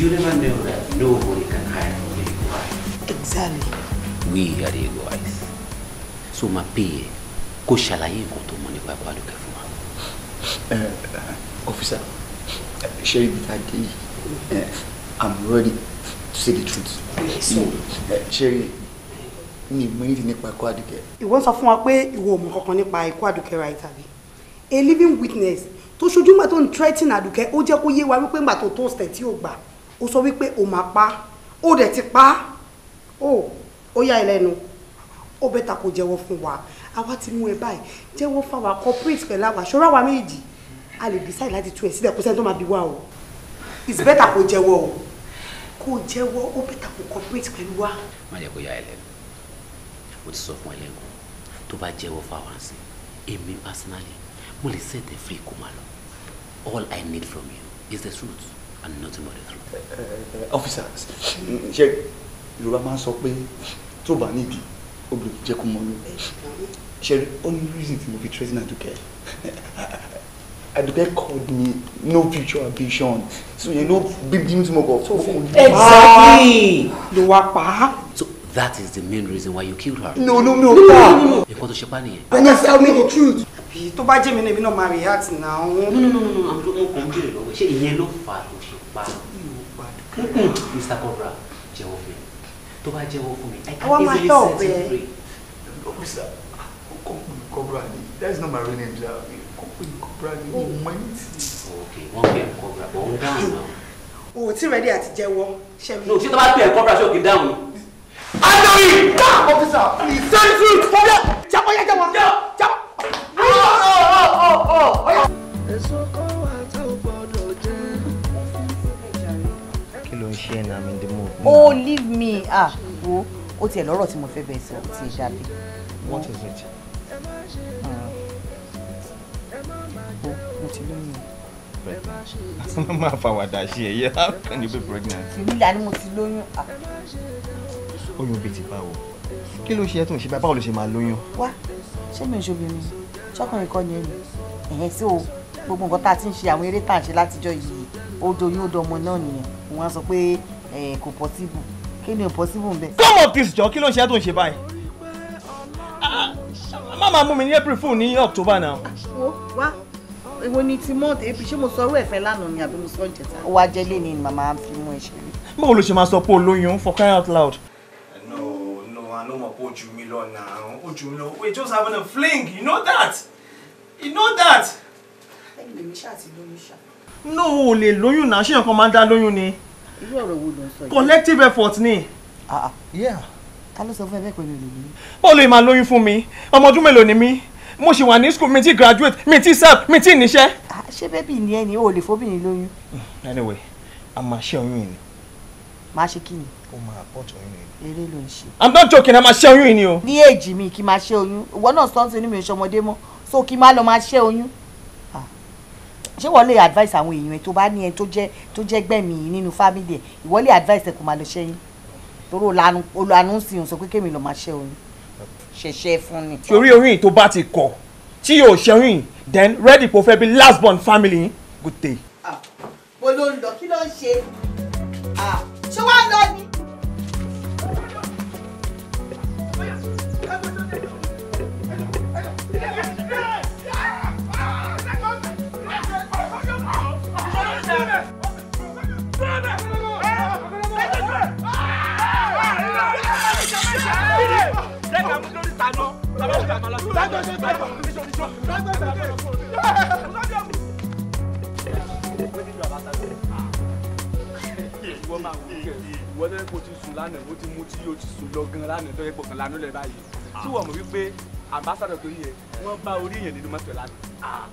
You never know that nobody can hide from the Exactly. We are the so máa pè ṣàlàyé nǹkan tó mọ̀ nípa ẹ̀kọ́ àlùkẹ́ fún wa. ọ̀fíìsà ṣé ibi tá a dé yìí i'm ready to say the truth. ṣé mi mọ nídìí nípa ẹ̀kọ́ àdùkẹ́. ìwọ sọ fún wa pé ìwọ ò mọ kankan nípa ẹ̀kọ́ àdùkẹ́ ra ìtàbí a living witness tó ṣojú mọ́ tó ń threatening àdùkẹ́ ó jẹ́ kó yé wa wípé màtó tó ṣẹ̀ tí ò gbà ó sọ wípé ó máa pa ó dẹ̀ ti pa ó oh, ó yà ẹ́ lẹ́nu ó bẹ́ta kó jẹ́wọ́ fún wa àwa ti mú ẹ báyìí jẹ́wọ́ fáwa corporate pẹ̀lú àwa ṣọ́ra wa méjì a lè decide láti tú ẹ̀ sílẹ̀ kó sẹ́ni tó máa bí wa o it's better kó jẹ́wọ́ o kó jẹ́wọ́ ó bẹ́ta kó corporate pẹ̀lú wa. má jẹ́ kó yá ẹ lẹ́nu mo ti sọ fún ẹ lẹ́nu tó bá jẹ́wọ́ fáwa sí èmi personally mo lè set ẹ free kó máa lọ all i need from you is the truth and nothing but the truth. officers ṣe yorùbá máa ń sọ pé tó bá níbi obìnrin jẹ́ kó mọ ló ṣẹ́rí only reason tí mo fi trace na Adúkẹ́ called me no future ambition so you know bíbí tí mo kọ fún mi. exactly ló wá pa á. so that is the main reason why you killed her. no no no no no. nǹkan tó ṣe pa nìyẹn. when you tell me the truth. àbí tó bá jẹ́ mi náà èmi náà máa react na àwọn. no no no no àwọn tó ń kàn ń bèrè lọ́wọ́ ṣé ìyẹn ló fà á ló ṣe pa. mr cobra jẹ́wọ́ fún tó bá jẹ́wọ́ fún mi i can easily set you free. Mr. Okonkwo Cobra ni that is not my real name sir Okonkwo Cobra ni mo mọ ẹni tí. ok wọn pè é Cobra but òun dáhùn náà. o ò tí rẹ́dí àti jẹ́wọ́ ṣe mi. no ṣé tó bá pè é Cobra ṣé òkè dáhùn adori. down officer please send fruit for them. jábọ́ yẹ jẹ́wọ́ jábọ́. kí ló ń ṣe ẹ̀ mi oh leave me ah wo ó tiẹ̀ lọ́rọ̀ tí mo fẹ́ bẹ̀rẹ̀ sọ ti ìdàbí. what is it. Ah. mo ti lóyún o. máa fàwàdà ṣe ẹ̀yẹ how can you be pregnant. ìlà ni mo ti lóyún. Ah. oyún bíi ti báwo kí ló ṣe ẹ́ tó ń ṣe báwo ló ṣe máa lóyún. wá ṣé mi ò ṣobìnrin ṣọkùnrin kọ́ ni ẹ̀yìn ẹ̀yìn sí o gbogbo nǹkan tá a ti ń ṣe àwọn eré tá à ṣe látijọ́ yìí ó doyún ó dọmọ náà nìyẹn wọ́n sọ pé ẹ eh, kò possible kí ni ò possible bẹ́ẹ̀. come on please jọ kí ló ń ṣe tó ń ṣe báyìí ah, má máa mú mi ní april fool ní october náà. wá èwo ni ti month april ṣé mo sọ ọ̀rọ̀ ẹ̀fẹ̀ lánàá ni àbí mo sọ ìjẹta. ó wá jẹ́ lẹ́ni ni màmá fi mú ẹ ṣe. báwo ló ṣe máa sọ pé olóyún for crying out loud. no no i no mọ̀ pé ojú mi lọ náà ojú mi lọ we just having a fling you know that you know that. ẹ̀yin lèmi ṣáà ti lóyún ṣá. no o lè lóyún náà ṣé nǹkan máa ń dá lóyún ni collective effort ni. Ah, ah yeah ta ló sọ fún ẹ bẹ́ẹ̀ pẹ̀lú èlò lóyún. ó lè máa lóyún fún mi ọmọ ọdún mélòó ni mi. mo ṣì wà ní school mi ti graduate mi ti serve mi ti níṣẹ́. Ah, ṣé bébì ni ẹni o lè fóbìnrin lóyún. Hmm, anyway a máa ṣe oyún ìní. máa ṣe kí ni. ó máa pọ̀ oyún ìní. eré ló ń ṣe. i'm not joking a máa ṣe oyún ìní o. ní èjì mi kí n máa ṣe oyún ìwọ náà sọ́ńtì onímọ̀ ìṣọmọdé mọ́ so kí n má lọ máa ṣe oyún ṣé wọ́n lè advice àwọn èèyàn tó bá ní ẹ tó jẹ́ tó jẹ́ gbẹ̀mí nínú family ẹ̀ ìwọ lè advice ẹ̀ kó máa lọ ṣẹ́yìn torí olùhànú sì ń sọ pé kémi lọ́ọ́ máa ṣẹ́ oyún ṣẹ̀ṣẹ̀ fún ni. torí orin tó bá ti kọ̀ tí yóò ṣẹ́yìn then ready for fẹ́ last born family good day. Ah, mo ló ń lọ kí ló ń ṣe ah, ṣé wàá lọ ni. jẹ́ka mú lórí ìtaná bàbá mi bàbá lọ́sọ̀ dájọ́ ṣe dájọ́ ṣe ṣe dájọ́ ṣe ṣe ìwọ máa wù kẹ ìwọ tẹ́lẹ̀ kó ti sùn lánàá ó ti mú tí ó ti sùn lọ gan lánàá tó yẹ gbọ̀ngàn lánàá lẹ̀ báyìí tí wọ́n mọ̀ wípé àmbásádọ̀ tó yẹ wọ́n bá orí yẹn nínú mọ́tò lánàá. Ah!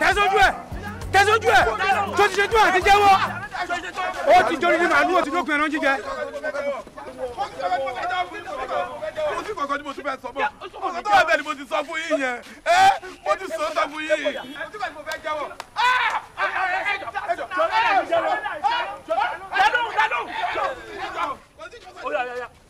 tẹ̀sọ́jú ẹ̀ tẹ̀sọ́jú ẹ̀ tó ti ṣojú àti jẹ́wọ́ ó ti jọ ní màálù ó ti dókun ẹran jíjẹ. mo ti kọ̀kọ́ tí mo ti fẹ́ sọ bọ̀ ọ̀sán tó wà bẹ́ẹ̀ ni mo ti sọ fún yín yẹn ẹ́ mo ti sọ sọ fún yín. Oya, oya, oya.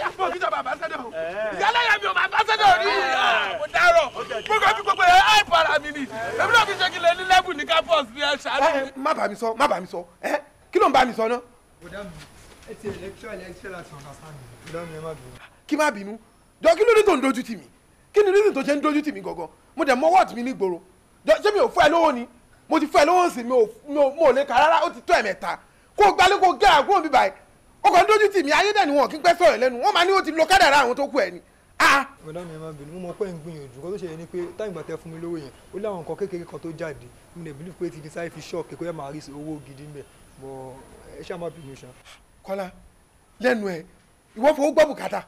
ajá fún òkìtọ̀ bàbá sẹ́dọ̀ ìyálé yẹn mi ò bàbá sẹ́dọ̀ ní mo dárọ̀ mo kàn fi gbogbo yẹn áì para mi ni èmi náà fi ṣe kílẹ̀ ní lẹ́bù ní campus ní ẹ ṣáájú. má bà mí sọ má bà mí sọ ẹ kí ló ń bá mi sọ náà. kí má bínú jọ kí ló dé tó ń dojú tì mí kí ni reason tó ṣe ń dojú tì mí gangan mo dẹ̀ mọ wọ́ọ̀t mi ní ìgboro ṣé mi ò fún ẹ lówó ni mo ti fún ẹ lówó sí mi ò lè kà rárá ó ti tó ẹ̀mẹ́ta kó o gbálé kó o gé àgbo mi báyìí ó kàn dójú tì mí ayé dẹ̀ ni wọn kí n pẹ́ sọ̀rọ̀ lẹ́nu wọn máa ní ó ti lo kádàrá àwọn tó kù ẹ̀ ni. ọ̀dà mi máa bínú mo mọ pé ń gbìyànjú kó tó ṣe yẹ ni pé táyìnbà tẹ fún mi lówó yẹn ó láwọn nǹkan kékeré kan tó jáde mo lè bílíf pé ti di sáyé fi ṣọ́ọ̀kì kó yẹ máa rí owó gidi mẹ́ bọ̀ ẹ ṣáà má bínú ṣá. kọ́lá lẹ́nu ẹ̀ ìwọ fowó gbọ́ bùkátà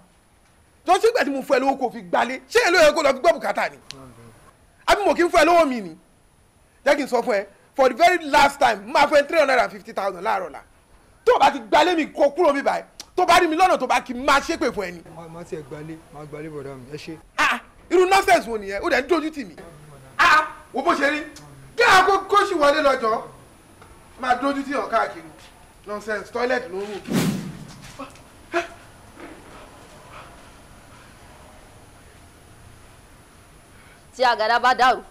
tó sígbà tí mo fún ẹ lówó kò fi gbalé ṣé èlò yẹ kó lọ fi gbọ́ bùkátà ni àbí mo kì í fún ẹ lówó mi ni jẹ́ kí n sọ fún ẹ for the very last time máa fún ẹ three hundred and fifty thousand láàárọ̀ la tó o bá ti gbalé mi kó kúrò mi báyìí tó bá rí mi lọ́nà tó bá kí n máa ṣépè fún ẹni. má tiẹ̀ gbalé má gbalé bọ̀dá mi ẹ ṣe. Ah, ah, irú nọ́ọ̀sẹ̀sì wo nìyẹn ó dẹ̀ ń dojú tì mí. Ah, wo bó ṣe rí kí àgbo kóṣì wọlé lọ́jọ́ máa dojú tì hàn káàkiri nọ́ọ̀sẹ̀sì tọ́ílẹ̀tì ló ń rò. tí àgàdá bá dàrú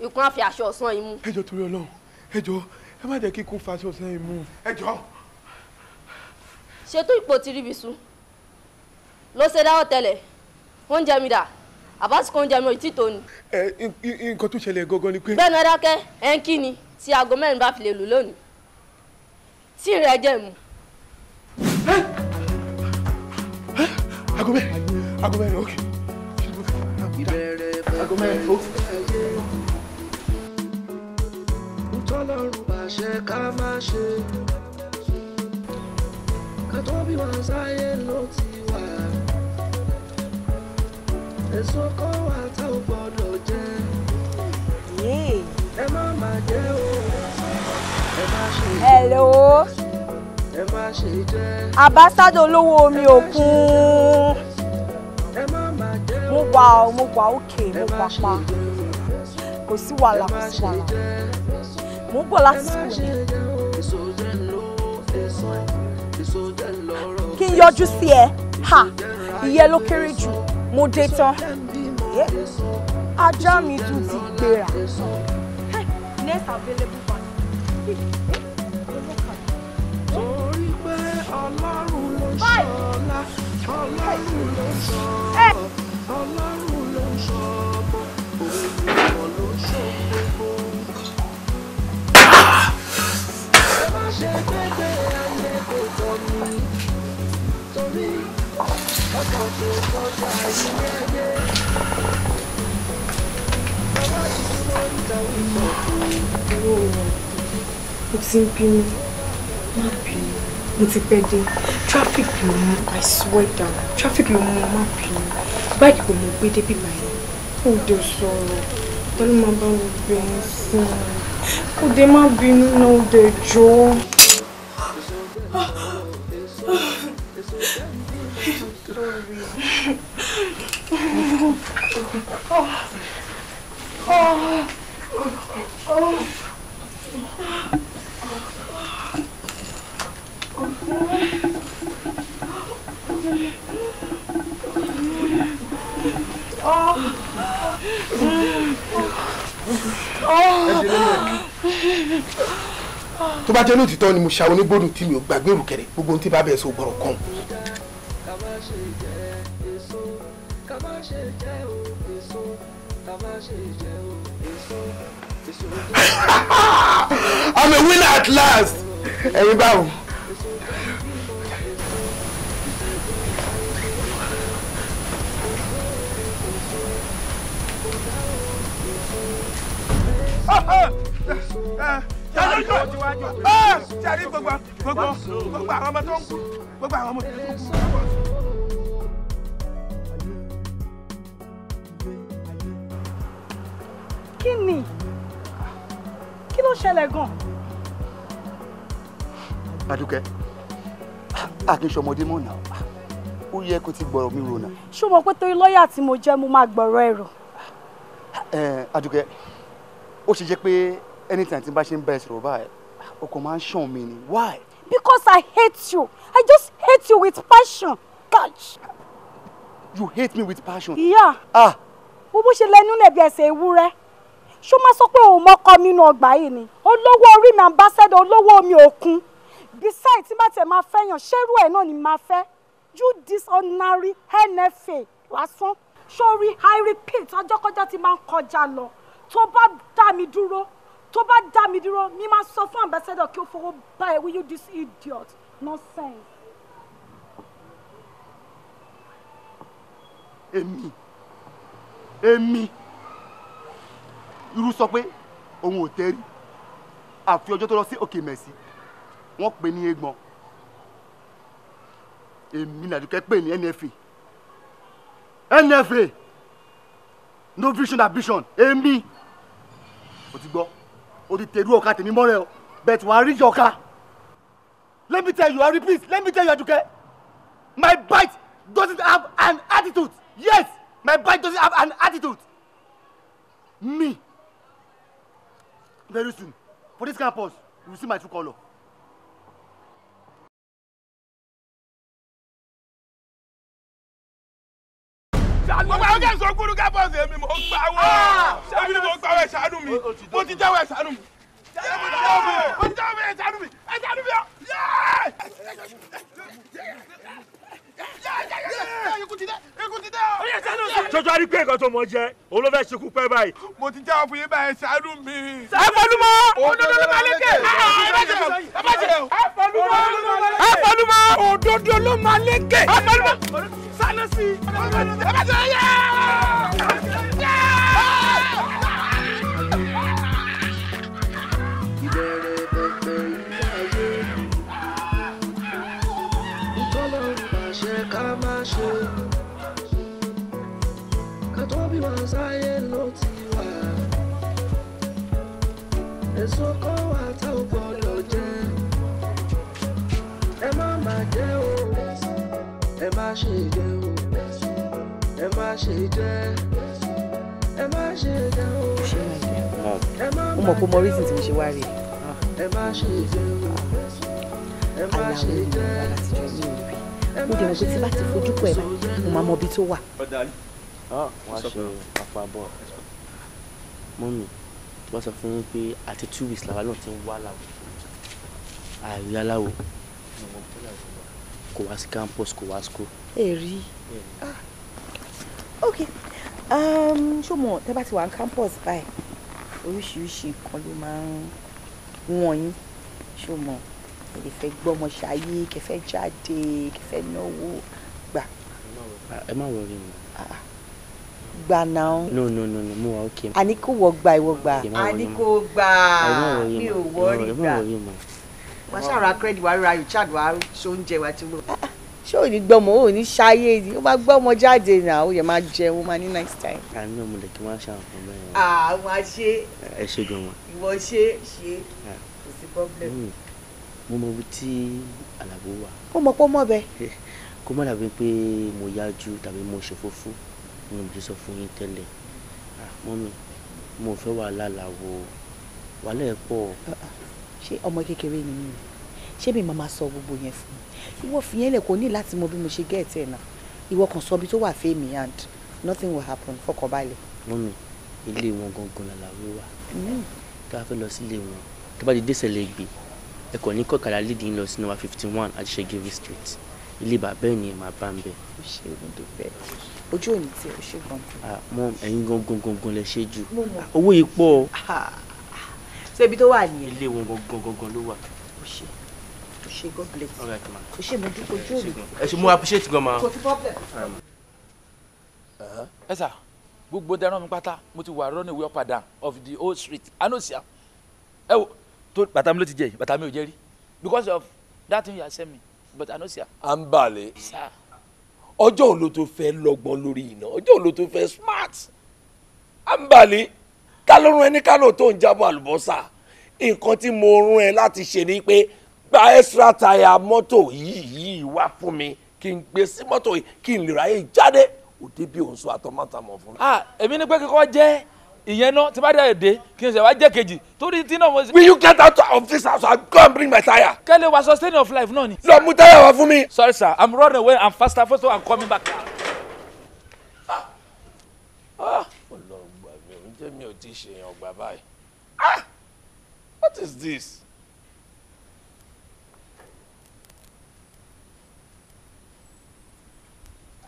ikú á fi aṣọ ọ̀sán yìí mú. ẹ torí Ọlọ́run ẹ ẹ má jẹ́ kí kó faṣọ sẹ́yìn mú ẹ jọ. ṣètò ipò tí ríbi sùn ló ṣe dáwọ́ tẹ́lẹ̀ oúnjẹ mi dà àbásìkò oúnjẹ mi ò tí tó ni. ẹ nǹkan tó ṣẹlẹ̀ gangan ni pé. bẹ́ẹ̀ ni adákẹ́ ẹ ń kí ni tí aago mẹ́rin bá fi lè lù lónìí tí ìrẹ́ jẹ́ mu. aago mẹ́rin aago mẹ́rin ok aago mẹ́rin ok ṣe ká má ṣe ká tó bí wá sáyé ló ti wà èso kọ́ wa tá ò gbọ́dọ̀ jẹ ẹ má má jẹ o ẹ má ṣe jẹ ẹ má ṣe jẹ àbáṣádò olówó omi òkun mo wà ó mo wà ókè mo wà pa kò sí wàhálà mò ń bọ̀ láti sùkúl ni. kí n yọjú sí ẹ ha ìyẹn ló kéré jù mo dé tán ajá mi tún ti gbéra. ọlọ́run ló ń ṣọlá òun ló ń ṣọmọ. ṣẹ́gbẹ́gbẹ́ ayé kò tọ́ mi torí ọkọ̀ tó kọjá ilé ayé. Bàbá yìí ló ń ta ìmọ̀ owó wọn. Mo ti ń bínú, má bínú, mo ti pẹ́ dé. Traffic ló mú, I swear down, traffic ló mú, má bínú. Báyìí kò mọ̀ gbé débi báyìí. Ó dé sọ̀rọ̀, tọ́lú máa bá wo bẹ̀rẹ̀ fún un. oh, dé má bínú náà ó dẹ̀ jọ. Oh. tó bá jẹ́ lóòtítọ́ ni mo ṣàwọn onígbòdùn tí mi ò gbàgbé òrùkẹ̀rẹ̀ gbogbo ohun tí bá bẹ̀rẹ̀ sọ gbọ̀rọ̀ kan. I'm a winner at last ẹ̀yin báwo. sẹ́rí gbogbo gbogbo gbogbo àwọn ọmọ tó ń kú gbogbo àwọn ọmọ tó ń kú. kí ni kí ló ṣẹlẹ̀ gan. Adúkẹ́ àkínṣọmọdé mọ̀ náà ó yẹ kó ti gbọ́rọ̀ mi rò náà. ṣé o mọ̀ pé torí lọ́ọ̀yà tí mo jẹ́ mo máa gbọ́rọ̀ ẹ̀rọ. Adúkẹ́ ó ṣe jẹ́ pé anytime tí n bá ṣe ń bẹ̀rẹ̀ sọ̀rọ̀ báyìí o máa ń ṣàn mí ni why. because i hate you i just hate you with passion gosh. you hate me with passion. ìyá ah. wo bó ṣe lẹnu lẹbi ẹsẹ ewúrẹ́ ṣó máa sọ pé òun mọkọ mi nù ọgbà yìí ni olówó orí mi ambassador olówó omi òkun beside tí bá tẹ máa fẹ́ yàn ṣẹ́rú ẹ̀ náà ni máa fẹ́ you dishonoury nfa lásán sórí i repeat ọjọ́kọjọ́ ti máa ń kọjá lọ tó bá dá mi dúró tó bá dá mi dúró mi máa sọ fún ambassador kí o fowó bá ẹ will you this idiot nonsense. èmi èmi irú sọ pé òun ò tẹ́rí àfi ọjọ́ tó lọ sí òkè mẹ̀sì wọ́n pè ní egbọn èmi nàdúkẹ́ pè ní nfa nfa no vision ambition èmi. E o ti gbọ́ o ti tẹ̀rù ọ̀ka tèmi mọ́rẹ̀ o bẹ́ẹ̀ tí wàá rí yọ̀ọ̀ka let me tell you i repeat let me tell you aduke my bite doesn't have an attitude yes my bite doesn't have an attitude me very soon for this campus you will see my true colour. gbogbo àwọn kẹ́ ń sọ gbúdú kábọ̀sì èmi mo gbà wọ́ èmi ni mo gbà wọ́ ẹ̀ṣánú mi mo ti jẹ́wọ́ ẹ̀ṣánú mi mo ti jẹ́wọ́ ẹ̀ṣánú mi ẹ̀ṣánú mi tọ́jú àrí pé nǹkan tó mọ jẹ òun ló fẹ́ ṣekú pẹ́ báyìí. mo ti jẹ́wọ́ fún yín báyìí ṣáájú mi. ẹ fọlúmọ. òdodo ló máa lékè. ẹ fọlúmọ. ẹ fọlúmọ. òdodo ló máa lékè. ẹ fọlúmọ dáná sí i. ẹ bá jẹ yẹ. ìbẹ̀rẹ̀ pẹ̀pẹ̀ ilé ayé ìtọ́lọ́ pàṣẹ ká má ṣe ká tó bí wọn wà tá ò gbọ́dọ̀ jẹ ẹ má má jẹ́ o ẹ má ṣe jẹ o ẹ má ṣe jẹ ẹ má ṣe jẹ o ẹ má má jẹ o. ó mọ̀ pé mo rí tìǹtì mi ṣe wá rí i. ẹ má ṣe jẹ o ẹ má ṣe jẹ o mo dẹ̀ mọ̀ pé tí bá ti fojú pẹ̀ mo máa mọ ibi tó wà. Ah, wàá ṣe àpapọ̀ mọ́mì wọ́n sọ fún mi pé àti two weeks làwa náà ti ń wá láwo àìrí aláwo campus kò wá sí campus kò wá school. èrì ah. ok um, ṣùgbọ́n tẹ́ bá ti wà ní campus báyìí oríṣiríṣi nǹkan ló máa ń wọ̀n yín ṣùgbọ́n èdè fẹ́ gbọ́mọ ṣayé kẹfẹ́ jáde kẹfẹ́ náwó gbà. ẹ má wọrí mi. Ah, gbà náà. no no no no mo wà ok. àní kò wọ gbà ìwọ gbà. àní kò gbà mi ò wọrí gbà. ẹ má wọrí mi wàá ṣàrà credit wàá ra richard wàá ṣoúnjẹ wàá ti wọ. Ah, ṣé ò ní gbọ́mọ ò ní ṣáyé ni ó máa gbọ́mọ jáde náà ó yẹ máa jẹun máa ní nice time. àánú ah, mo lè kí wọ́n ṣàǹfọ̀n bẹ́ẹ̀. àwọn àṣe ah, ẹ ṣe gan wa. ìwọ ṣe ṣe kò sí problem. Hmm. mo mọ ibi tí àlàbò wà. ó mọ pé ó mọ bẹ́ẹ̀. kó má dàbí pé mo yájú tàbí mo ṣe fófó ni mo ti sọ fún yín tẹ́lẹ̀ mọ́mi mo fẹ́ wàhálà làwọ̀ wàhálà ẹ̀ pọ̀ ṣé ọmọ kékeré ni mí ṣé mi máa sọ gbogbo yẹn fún mi ìwọ fi yẹn lẹ kò ní láti mọ bí mo ṣe gẹ́ẹ̀tì ẹ̀ náà ìwọ kan sọ ibi tó wà fẹ́ mi and nothing will happen fọkànbalẹ̀. mọ́mi ilé wọn gangan làlàwé wa mm. tá a fẹ́ lọ sí ilé wọn tó bá ti dé sẹ́lẹ̀ gbé ẹ̀kọ́ ní kọ̀kàlà leading lọ sí number fifty one àṣegiri street ilé bàbá ẹ̀ ni ẹ̀ máa bá ń bẹ̀. o ṣe oògùn tó bẹ́ẹ̀ ojú òní tí o ṣe gan. Ah, mọ ẹ̀yin gangan gangan lẹ ṣe jù owó yìí pọ̀. Ah, ṣébi tó wà nìyẹn. ilé wọn gangan gangan ló wà. o ṣe o ṣe god bless. all right ma. o ṣe mo dúpọ̀ ojú ẹ ṣe mo appreciate gan ma. kò sí problem. ẹ sà gbogbo dẹran mi pátá mo ti wà running way padà of the old street i know sia ẹ wo tó bàtà mi ló ti jẹ bàtà mi ò jẹ rí because of that thing you are send me but i know sia. à ń balẹ̀ ọjọ́ òun ló tó fẹ́ lọ́gbọ́n lórí iná ọjọ́ òun tó fẹ́ smart à ń balẹ̀ ta ẹ ní kánò tó ń jábọ̀ àlùbọ́sà nǹkan tí mo rún ẹ láti ṣe ni pé gba extra tire mọ́tò yìí yìí wá fún mi kí n gbé sí mọ́tò yìí kí n lè ráyè jáde òde bí òun sọ àtọmọ́tàmọ́ fún mi. Ah, èmi ni pé kíkọ́ jẹ́ ìyẹn náà tí bá dé èdè kí n ṣe wá jẹ́ kejì torí tí náà mo. will you get out of this house and go and bring my tire. kẹ́lẹ́ wa sustain of life náà ni. lọ mú táyà wá fún mi. sorry sir i'm running away i'm faster first of all i'm coming back. Ah. Ah jẹ́mi ò ti ṣèyàn ọgbà báyìí ah what is this.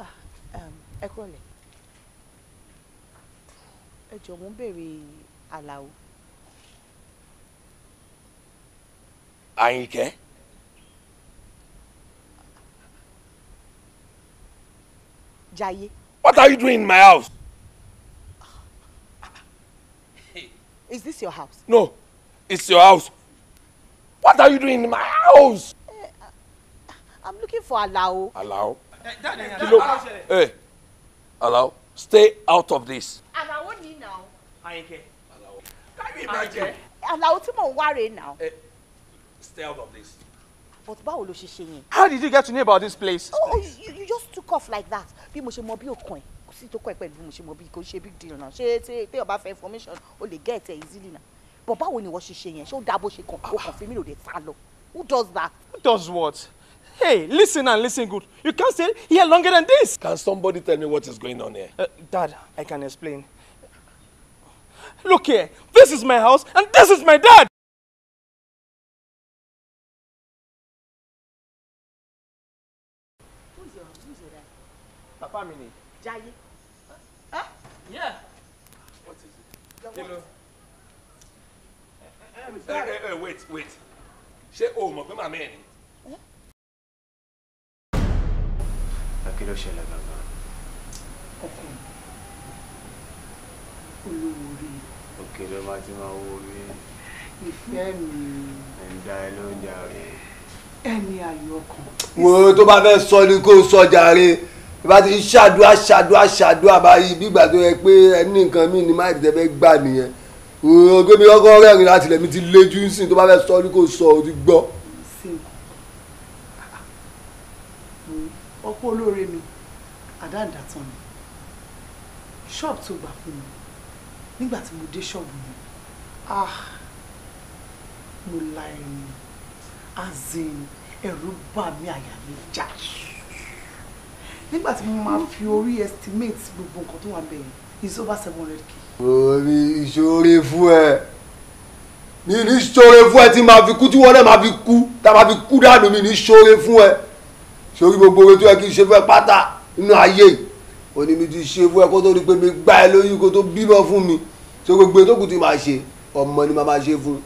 Ah, um, ẹ kúrọ̀lẹ́ ẹ jọ̀ọ́ mo ń béèrè Àlàó. Àyìnkẹ́. Jaiye. What are you doing in my house? Is this your house? No, it's your house. What are you doing in my house? Uh, I'm looking for Alao. Alao? Hey, eh, eh, Alao, stay out of this. Alao ni now. Ayinke. Alao. Can you imagine? Alao tí mò now. stay out of this. But báwo ló ṣe ṣe yẹn? How did you get to know about this place? Oh, oh you, you just took off like that. Bí mo ṣe mọ sí tó kọ́ ẹ̀ pẹ̀lú mo ṣe mọ bí kò ṣe big deal náà ṣé ṣé téèyàn bá fẹ́ information o lè get ẹ̀ easily náà but báwo ni wọ́n ṣe ṣe yẹn ṣé ó dáa bó ṣe kàn ó kàn fi mí lòdì sá lọ who does that. who does what? Hey, listen and listen good. You can't stay here longer than this. Can somebody tell me what is going on here? Uh, Dad, I can explain. Look here, this is my house and this is my dad. Who's your, who's your dad? Papa Mini. Jaye. Hello. wait, wait. Ṣé o mọ̀ pé màmá ẹ̀ ni? Ah, kí ló ṣẹlẹ̀ gangan? Ọkùnrin. Olówó rí. Òkè ló máa ti máa wo mi. Ìfẹ́ mi. Ẹ̀dá ẹ ló ń jà rè. Ẹni ayọ̀ ọkàn. Wo tó bá fẹ́ sọ ni kó sọ jàre ìbá ti ṣàdúrà ṣàdúrà ṣàdúrà báyìí bígbà tó yẹ pé ẹni nǹkan míì ni máìlì tẹ́ fẹ́ gbà nìyẹn ògbé mi kọ́kọ́ rẹ́rìn láti lẹ̀ mi ti léjú sí tó bá fẹ́ sọ ní kò sọ ò ti gbọ́. ọ̀pọ̀ olóore mi àdáǹdà tán ni ṣọ́ọ̀bù tó gbà fún mi nígbà tí mo dé ṣọ́ọ̀bù mi ah mo la ẹ̀yìn azin ẹ̀rù bà mí àyà mi jà nígbà tí mo máa fi orí estimate gbogbo nǹkan tó wà bẹ̀yìn is over seven hundred k. orí ìṣòro fún ẹ mi ní ṣòro fún ẹ tí màá fi kú tí wọn náà máa fi kú tá a máa fi kú dànù mi ní ṣòro fún ẹ sórí gbogbo oore tó yẹ kí n ṣe fún ẹ pátá nínú ayé yìí ó ní mi ti ṣe fún ẹ kó tó di pé mi gbá ẹ lóyún kó tó bímọ fún mi so gbogbo ètò kù tí màá ṣe ọmọ ni màá máa ṣe fún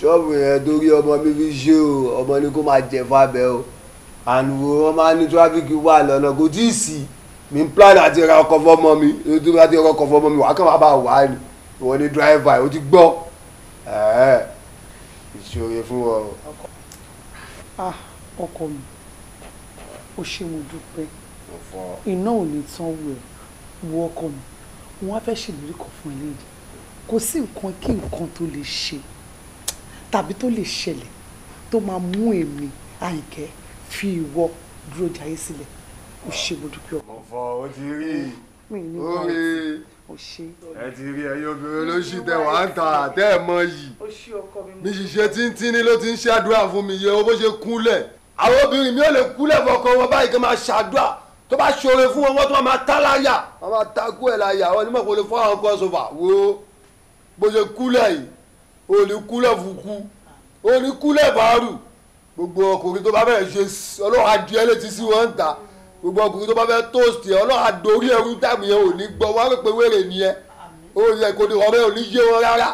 ṣọ́ọ̀bù yẹn torí ọmọ mi fi ṣe o ọmọ ni kó máa jẹ fún abẹ o. And wọn máa ní tíráfíkì wà lọ́nà kò tí ì sí mi ń plan àti ra ọkọ̀ fọ́mọ mi ètò àti ra ọkọ̀ fọ́mọ mi wà á kàn máa bá wà á ní ìwọ ni dírẹ́fà ò ti gbọ́ ìṣòro fún ọ. Ah, ọkọ mi ó ṣe mo dúpẹ́ iná ò ní tán wù ẹ́ wo ọkọ mi wọn á fẹ́ ṣèlérí kan fún ẹlẹ́yìn kò sí nǹkan kí nǹkan tó lè ṣe tàbí tó lè ṣẹlẹ̀ tó máa mú èmi àyìnkẹ́ fi ìwọ dúró di ayé sílẹ̀ ó ṣe mo dúpẹ́ ọkọ. ọfọ o ti rí i o rí i ẹ ti rí ẹyọ obìnrin olóṣì tẹ wà á ta àtẹ ẹ mọ yìí mi ṣiṣẹ tíntínní ló ti ń ṣàdúrà fún mi yẹ o bó ṣe kúnlẹ̀ àwọn obìnrin mi ò lè kúnlẹ̀ fọkọ wọn báyìí kí n máa ṣàdúrà tó bá ṣoore fún wọn wọn tó máa tá láyà wọn máa takú ẹ láyà wọn nímọ̀ kó lè fọ́ àwọn kan sọ̀fà wo bó ṣe kúnlẹ̀ yìí olùkúlẹ̀ fukú olùkúlẹ̀ bàárù gbogbo ọkùnrin tó bá fẹ́ ṣe ọlọ́run adìẹ létí sí wọn ń ta gbogbo ọkùnrin tó bá fẹ́ tóòsì ẹ ọlọ́run adorí ẹrú dàmí ẹ ò ní gbọ́ wọn rò pé wèrè nìyẹn ó yẹ kó ní ọ̀rẹ́ ò ní yé wọn rárá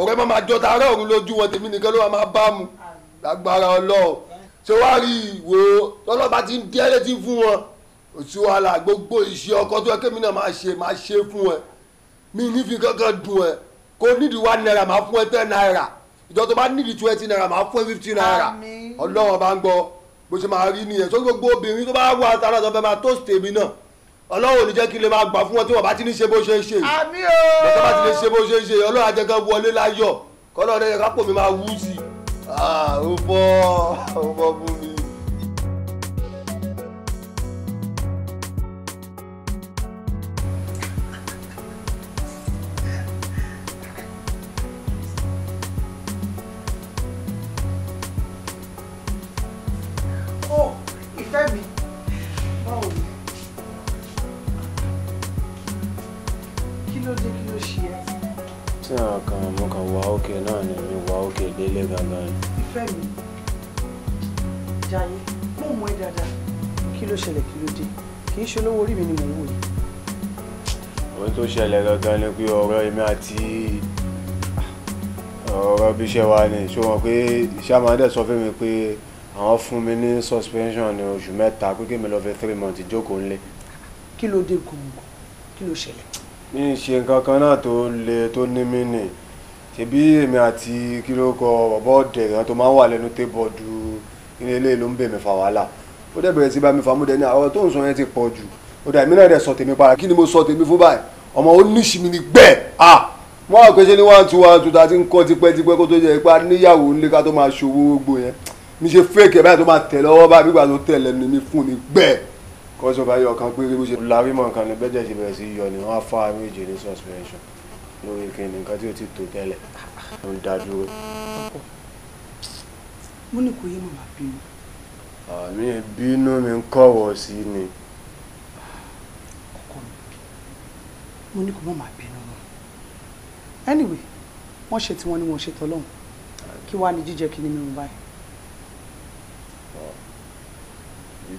ọ̀rẹ́ máa máa jọta ará òun lójú wọn tèmi nìkan ló máa máa bá mu lágbára ọlọ́run ṣé wàá rí ìwò tọ́lọ́ba ti ń díẹ́ létí fún wọn òsì wàhálà gbogbo ìṣe ọkọ tó yẹ kémi náà máa ṣe máa ṣe fún ẹ mi nífi kankan dùn ẹ kó nídìí wá náírà máa fún ẹ tẹ́ náírà ìjọ tó bá nídìí twenty naira máa fún ẹ fifty naira ọlọ́wọ́n bá ń gbọ́ bó ṣe máa rí nìyẹn sórí gbogbo obìnrin tó bá wà tara tó fẹ́ máa tó tèmi náà ọlọ́wọ́n ò ní jẹ́ kí lè máa gbà fún wọn tí wọ́n bá ti ní ṣe bó ṣe ń ṣe àmín bá ti lè ṣe bó ṣe ń ṣe ọlọ́wọ́n àjẹgẹ́ wọlé láyọ̀ kọ́lọ́ọ̀dẹ́yẹ kápò mi máa wú sí i ah, kì í ṣe olówó orí mi ni mò ń wò yìí. ohun tó ṣẹlẹ̀ gangan ni pé ọ̀rọ̀ èmi àti ah, ọ̀rọ̀ bí iṣẹ́ wa ni ṣó wọn pé iṣẹ́ amadé sọ fún mi pé àwọn fún mi ní suspension ní oṣù mẹ́ta pé kí mi lọ fi three months jókòó ńlẹ̀. kí ló dé gbòǹgbò kí ló ṣẹlẹ̀. mi ì ṣe nǹkan kan náà tó le tó ní mí nì ṣebí èmi àti kí ló kọ bọ́ọ̀dẹ̀ kan tó máa ń wà lẹ́nu tébọ̀dù ilé ilé ló ń bèmí fa wàhálà ó dẹ̀ bẹ̀rẹ̀ sí bá mi fàmúdẹ ní àwọn tó ń sọ yẹn ti pọ̀ jù ó dà mí náà dẹ̀ sọ tèmi para kí ni mo sọ tèmi fún báyìí ọmọ ó níṣì mi ní gbẹ́ à wọ́n á pèsè ní one two one two thirty nǹkan tipẹ́tipẹ́ kó tó jẹ́ ipá níyàwó nílé ká tó máa ṣòwò gbò yẹn mi ṣe fake ẹ̀ báyìí tó máa tẹ̀ lọ́wọ́ báyìí gbígbà tó tẹ̀ lẹ́nu mi fún ní gbẹ́ kọ́sọ̀ bá yọ kan péré bó ṣe. lárímọ̀ nǹkan ni bẹ́jẹ̀ ṣe bẹ̀rẹ̀ sí yọ ni wọ́n á fá méje ní suspension lórí kìnìún nǹkan tí ó ti tò tẹ́lẹ̀ ló ń dá dúró. mo ní kò yé màmá bínú àmì ìbínú mi ń kọ̀wọ̀ sí ni. ọkọ mi mo ní kó má máa bínú wọn anyway wọ́n ṣe tiwọn ni wọ́n ṣe tọ́lọ́hún kí wàá ní jíjẹ kí ni mímu báyìí.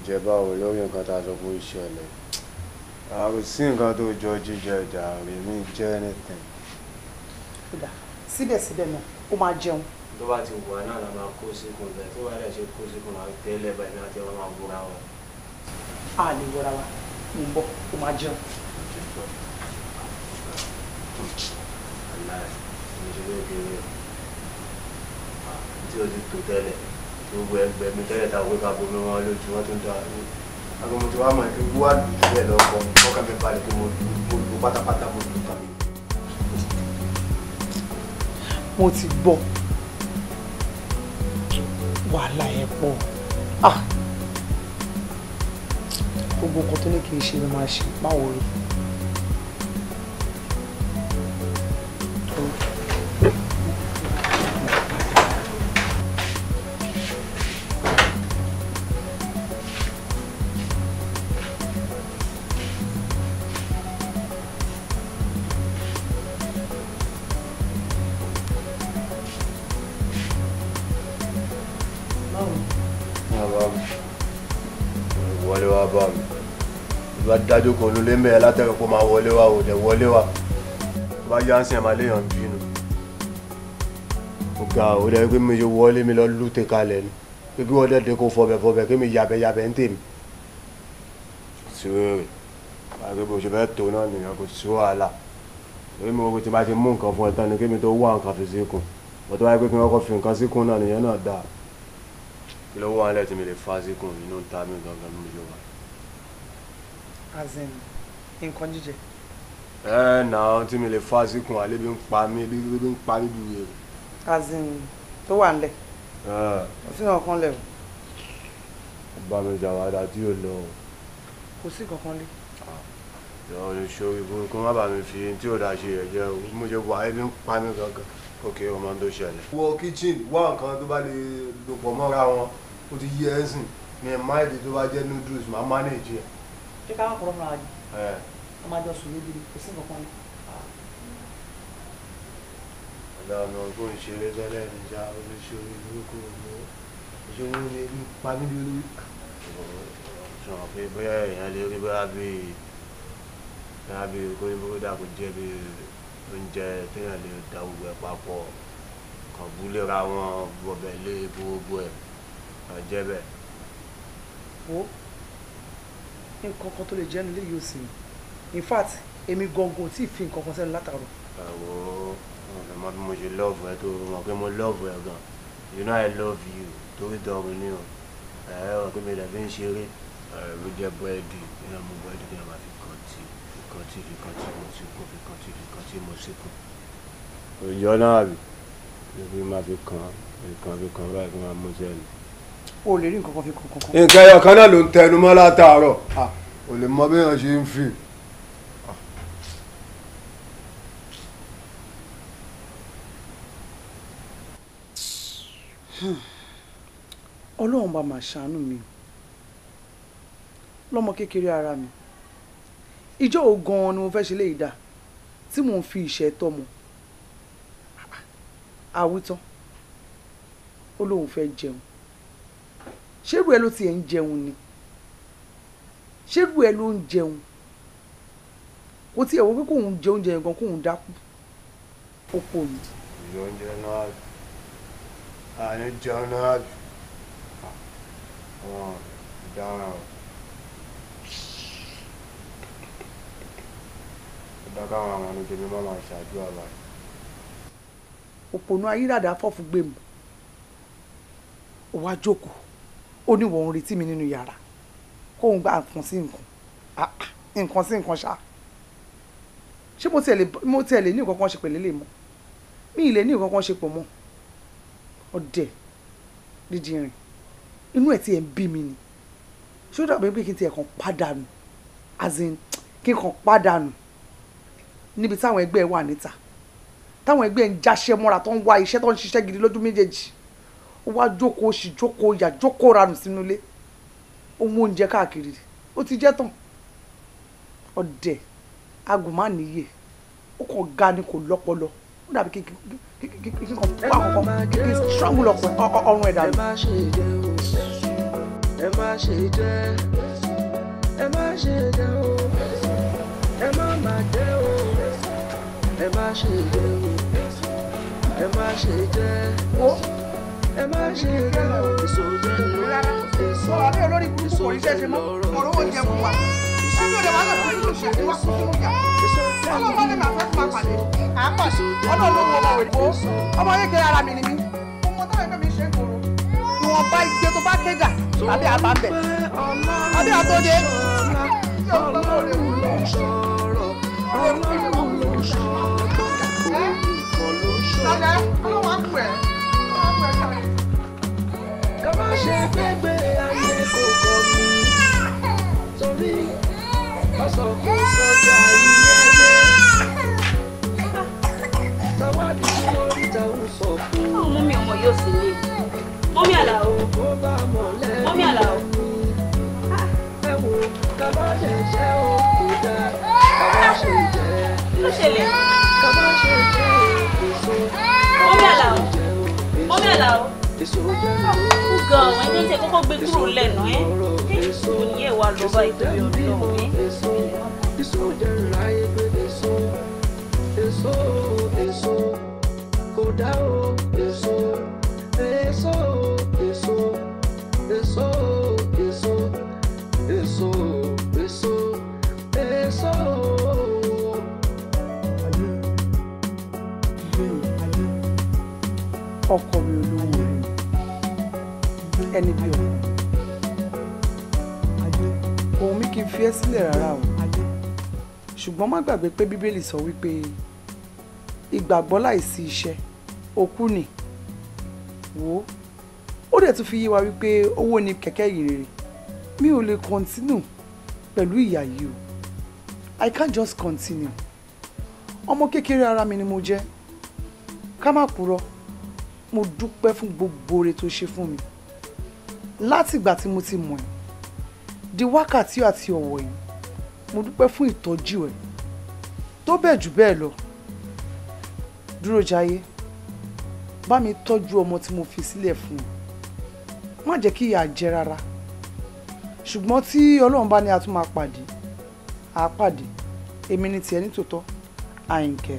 jíjẹ báwo lórí nǹkan tá a sọ fún ìṣẹ̀lẹ̀ àrùn sí nǹkan tó jọ jíjẹ ìdààrú mi jẹ́ nìkan. síbẹ̀síbẹ̀ náà ó máa jẹun tó bá ti wà náà la máa kó síkùn bẹ́ẹ̀ tó bá dẹ̀ ṣe kó síkùn náà tẹ́lẹ̀ báyìí náà tí wọ́n máa búra wọn. a lè wọra wa ń bọ kó máa jẹun. aláì mo ṣe kéré o tí o ti tò tẹ́lẹ̀ gbogbo ẹgbẹ́ mi tẹ́lẹ̀ ta wípé ká bomi wọn lójú wọn tó ń ta àgọ́ mo ti wá mọ̀ pé wúwà ọkàn mi balẹ̀ pé mo lù pátápátá mo lù ú mo ti gbọ́ wàhálà yẹn pọ̀ ah! gbogbo nǹkan tó ní kì í ṣe ló máa ṣe báwo rí i. jókòó lólé ń bẹ̀rẹ̀ látẹ̀rẹ̀ pé ó máa wọlé wa ò dẹ̀ wọlé wa tó bá yá sí ẹ̀ máa léèyàn bí inú. ọ̀gá ò dẹ̀ pé mi wọlé mi lọ lùtẹ̀ kalẹ̀ ni pé kí wọ́n dẹ̀ dé kó fọbẹ̀ fọbẹ̀ kí mi yabẹ̀ yabẹ̀ ń tèmi. sùúrù àti bó ṣe fẹ́ tó náà nìyẹn kò sí wàhálà èmi mo ti máa ti mú nǹkan fún ẹ tán ni kí mi tó wá nǹkan fi síkùn mo tó wáyé pé kí wọ́n kọ́ fi nǹkan síkùn náà nìyẹn náà dáa kí ló wà as in nǹkan jíjẹ. ẹ nà án tí mi lè fọ àsìkò àlẹ́ bí ń pa mí bí bí ń pa mí bí wúyẹ. as in tó wà nílẹ̀. Eh. kò sí kankan lẹ̀ o. bá mi ṣàwádà tí yóò lọ. kò sí kankan lé. Ah, yọ ní sori burúkú má bàa mi fi tí ò dáa ṣe yẹ jẹ o mo ṣe wà ẹbí ń pa mí kankan òkè ọmọ tó ṣẹlẹ̀. wọ kíchìn wá nǹkan tó bá lè dòpọ̀ mọ́ra wọn ó ti yí ẹ̀ sìn mi ẹ̀ máìlì tó bá jẹ́ noodles màá manage ẹ̀ ṣé káwọn kọ̀ọ̀rọ̀ fúnra jù wọ́n máa jọ sùn lójú kò sí nǹkan kan ní. ọ̀dà ọ̀nà ògbó ìṣeré tẹ́lẹ̀ níjà olóṣèlú burúkú ìṣòro lè rí pa mí lórí. sọ̀rọ̀ pé bóyá èèyàn lè rí bóyá bíi bóyá bíi kórìbóró dàgbò jẹ́ bíi oúnjẹ téèyàn lè da gbogbo ẹ̀ papọ̀ kàn búlé ra wọn bọ̀bẹ̀ lé gbogbo ẹ̀ kàn jẹ́ nǹkan kan tó lè jẹ́ nílé yóò sì ní in fact èmi gangan tí ì fi nǹkan kan sẹ́nu látàrọ. àwọ̀ ọ̀nà mọ́ bí mo ṣe lọ́ọ̀bù ẹ tó mọ̀ pé mo lọ́ọ̀bù ẹ gan you know I love you torí dọ̀rùn ni o ẹ ọ̀ pé mi dàbí ń ṣeré ló jẹ́ búrẹ́dì nínú àwọn búrẹ́dì kí n máa fi kàn tí fi kàn tí fi kàn tí mo ti kún fi kàn tí fi kàn tí mo ti kún. òòjọ́ náà àbí ló fi máa fi kàn fi kàn fi kàn báyìí fi máa mú sẹ́nu o lè rí nǹkan kan fi kọ̀ọ̀kan. nǹkan ẹyọ kan náà ló ń tẹnu mọ́ látàárọ̀ ò ah. lè mọ bí wọ́n ṣe ń fi. ọlọ́run bá máa ṣàánú mi lọ́mọ kékeré ara mi ìjọ ò gan-an ni mo fẹ́ ṣe léyìí dá tí mò ń fi ìṣẹ́ tọ́mọ àwítán ó lóun fẹ́ jẹun ṣérú ẹ ló tiẹ̀ ń jẹun ni ṣérú ẹ ló ń jẹun kò tiẹ̀ wọ́n pé kóun jẹ oúnjẹ yẹn gan kóun dákú oko mi. ìlú oúnjẹ náà àní jẹun náà wọn dára o dáká àwọn àwọn àlejò mi máa máa ṣàdúrà báyìí. òpònú ayírádá fọ́ọ̀fù gbé mu ó wá jókòó ó ní wọ́n ń retí mi nínú yàrá kóun gba nǹkan sí nǹkan ah, ah, nǹkan sí nǹkan ṣá ṣé mo tiẹ̀ lè mo tiẹ̀ lè ní nǹkan kan ṣe pẹ̀lú lè mọ́ mi ì lè ní nǹkan kan ṣe pọ̀ mọ́ ọ̀dẹ̀ dídì rìn inú ẹ̀ tiẹ̀ ń bí mi ni ṣó dàbí pé kí n tiẹ̀ kàn pàdánù as in kí n kàn pàdánù níbi táwọn ẹgbẹ́ wà níta táwọn ẹgbẹ́ ń jáṣẹ́ mọ́ra tó ń wá iṣẹ́ tó ń ṣiṣẹ́ gidi lójú méjèèjì ó wá jókòó ó sì jókòó yà jókòó ranù sínú ilé ó mú oúnjẹ káàkiri ó ti jẹ́ tán ọ̀dẹ̀ agùnmánìyè ó kàn ga ni kò lọ́pọlọ ó dàbí kíkí kan pa kankan kíkí strangle ọrùn ẹ̀dá lọ. ẹ má ṣe jẹ́ ẹ má ṣe jẹ́ o ẹ má má jẹ́ o ẹ má ṣe jẹ́ o ẹ má ṣe jẹ́ ẹ má ṣe yẹ o rárá ọ̀rọ̀ mi olórí burúkú kò ní ṣe ṣe mọ́ ọ̀rọ̀ owó jẹ fún wa ẹni òde wàhálà fún mi ló ṣe fún wa kó sínú ìyá lè máa fẹ́ fún wa à ń pàdé ọlọ́ọ̀lọ́wọ́ ọmọ òyìnbó ọmọ yéé ara mi ni mí ọmọ táwọn ẹgbẹ́ mi ṣe é kóró ìwọ̀n bá igbe tó bá kéjà àbí àbámbẹ̀ àbí àtọ́jẹ́ yóò Àlàó mọ́mí Àlàó. ẹ wo kàmá ṣe ṣe o kò dá kàmá ṣe jẹ èso kàmá ṣe jẹ èso èso èso èso èso. ọkọ mi olówó rẹ ẹni bí ọkọ òun mi kì í fi ẹ́ sílẹ̀ rárá o ṣùgbọ́n má gbàgbé pé bíbélì sọ wípé ìgbàgbọ́ láìsí iṣẹ́ òkú ni wò ó ó dẹ̀ tún fi yé wa wípé owó ni kẹ̀kẹ́ ìrere mi ò lè continue pẹ̀lú ìyà yìí o i can't just continue ọmọ kékeré ara mi ni mo jẹ́ ká má purọ́ mo dúpẹ́ fún gbogbo oore tó ṣe fún mi látìgbà tí mo ti mọ̀ ẹ́ di wákàtí àti ọ̀wọ̀ yìí mo dúpẹ́ fún ìtọ́jú ẹ̀ tó bẹ́ẹ̀ jù bẹ́ẹ̀ lọ dúró jayé bá mi tọ́jú ọmọ tí mo fi sílẹ̀ fún un má jẹ́ kí ìyà jẹ rárá ṣùgbọ́n tí ọlọ́run bá ní a tún máa pàdé àá pàdé èmi ni tiẹ̀ nítòótọ́ àyìnkẹ́.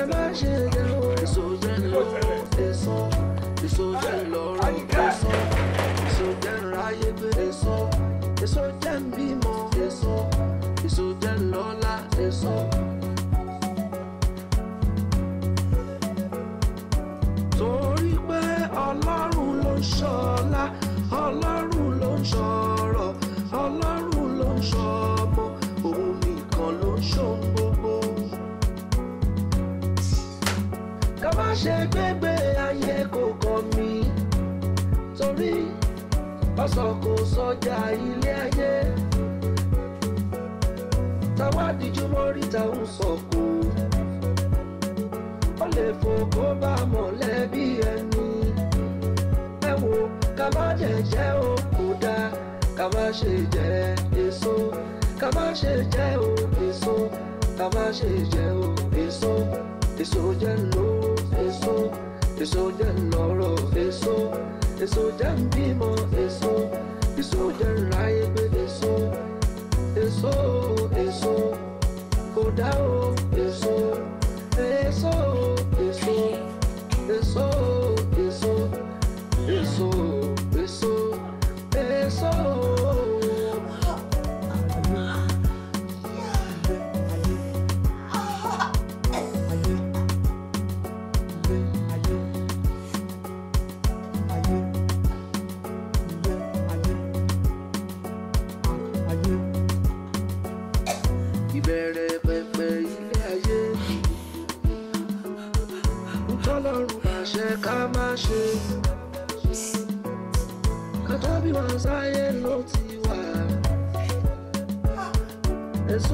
ẹ má ṣe jẹ o èso jẹ lọ èso èso jẹ lọ́rọ̀ sọ kò sọjà ilé ayé táwa díjú mọ́rí táwọn sọkún ó lè fòkó bá mọ̀lẹ́bí ẹni ẹ wo ká má jẹ jẹ́ o kò dáa ká má ṣe jẹ èso ká má ṣe jẹ o èso ká má ṣe jẹ o èso èso jẹ lọ èso èso jẹ lọ́rọ̀ èso. èso jẹ́ bímọ èso èso jẹ́ ráyè pé èso èso èso kò dá o èso èso.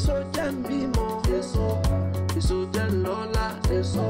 èso jẹ́ ń bímọ èso èso jẹ́ ń lọ́lá èso.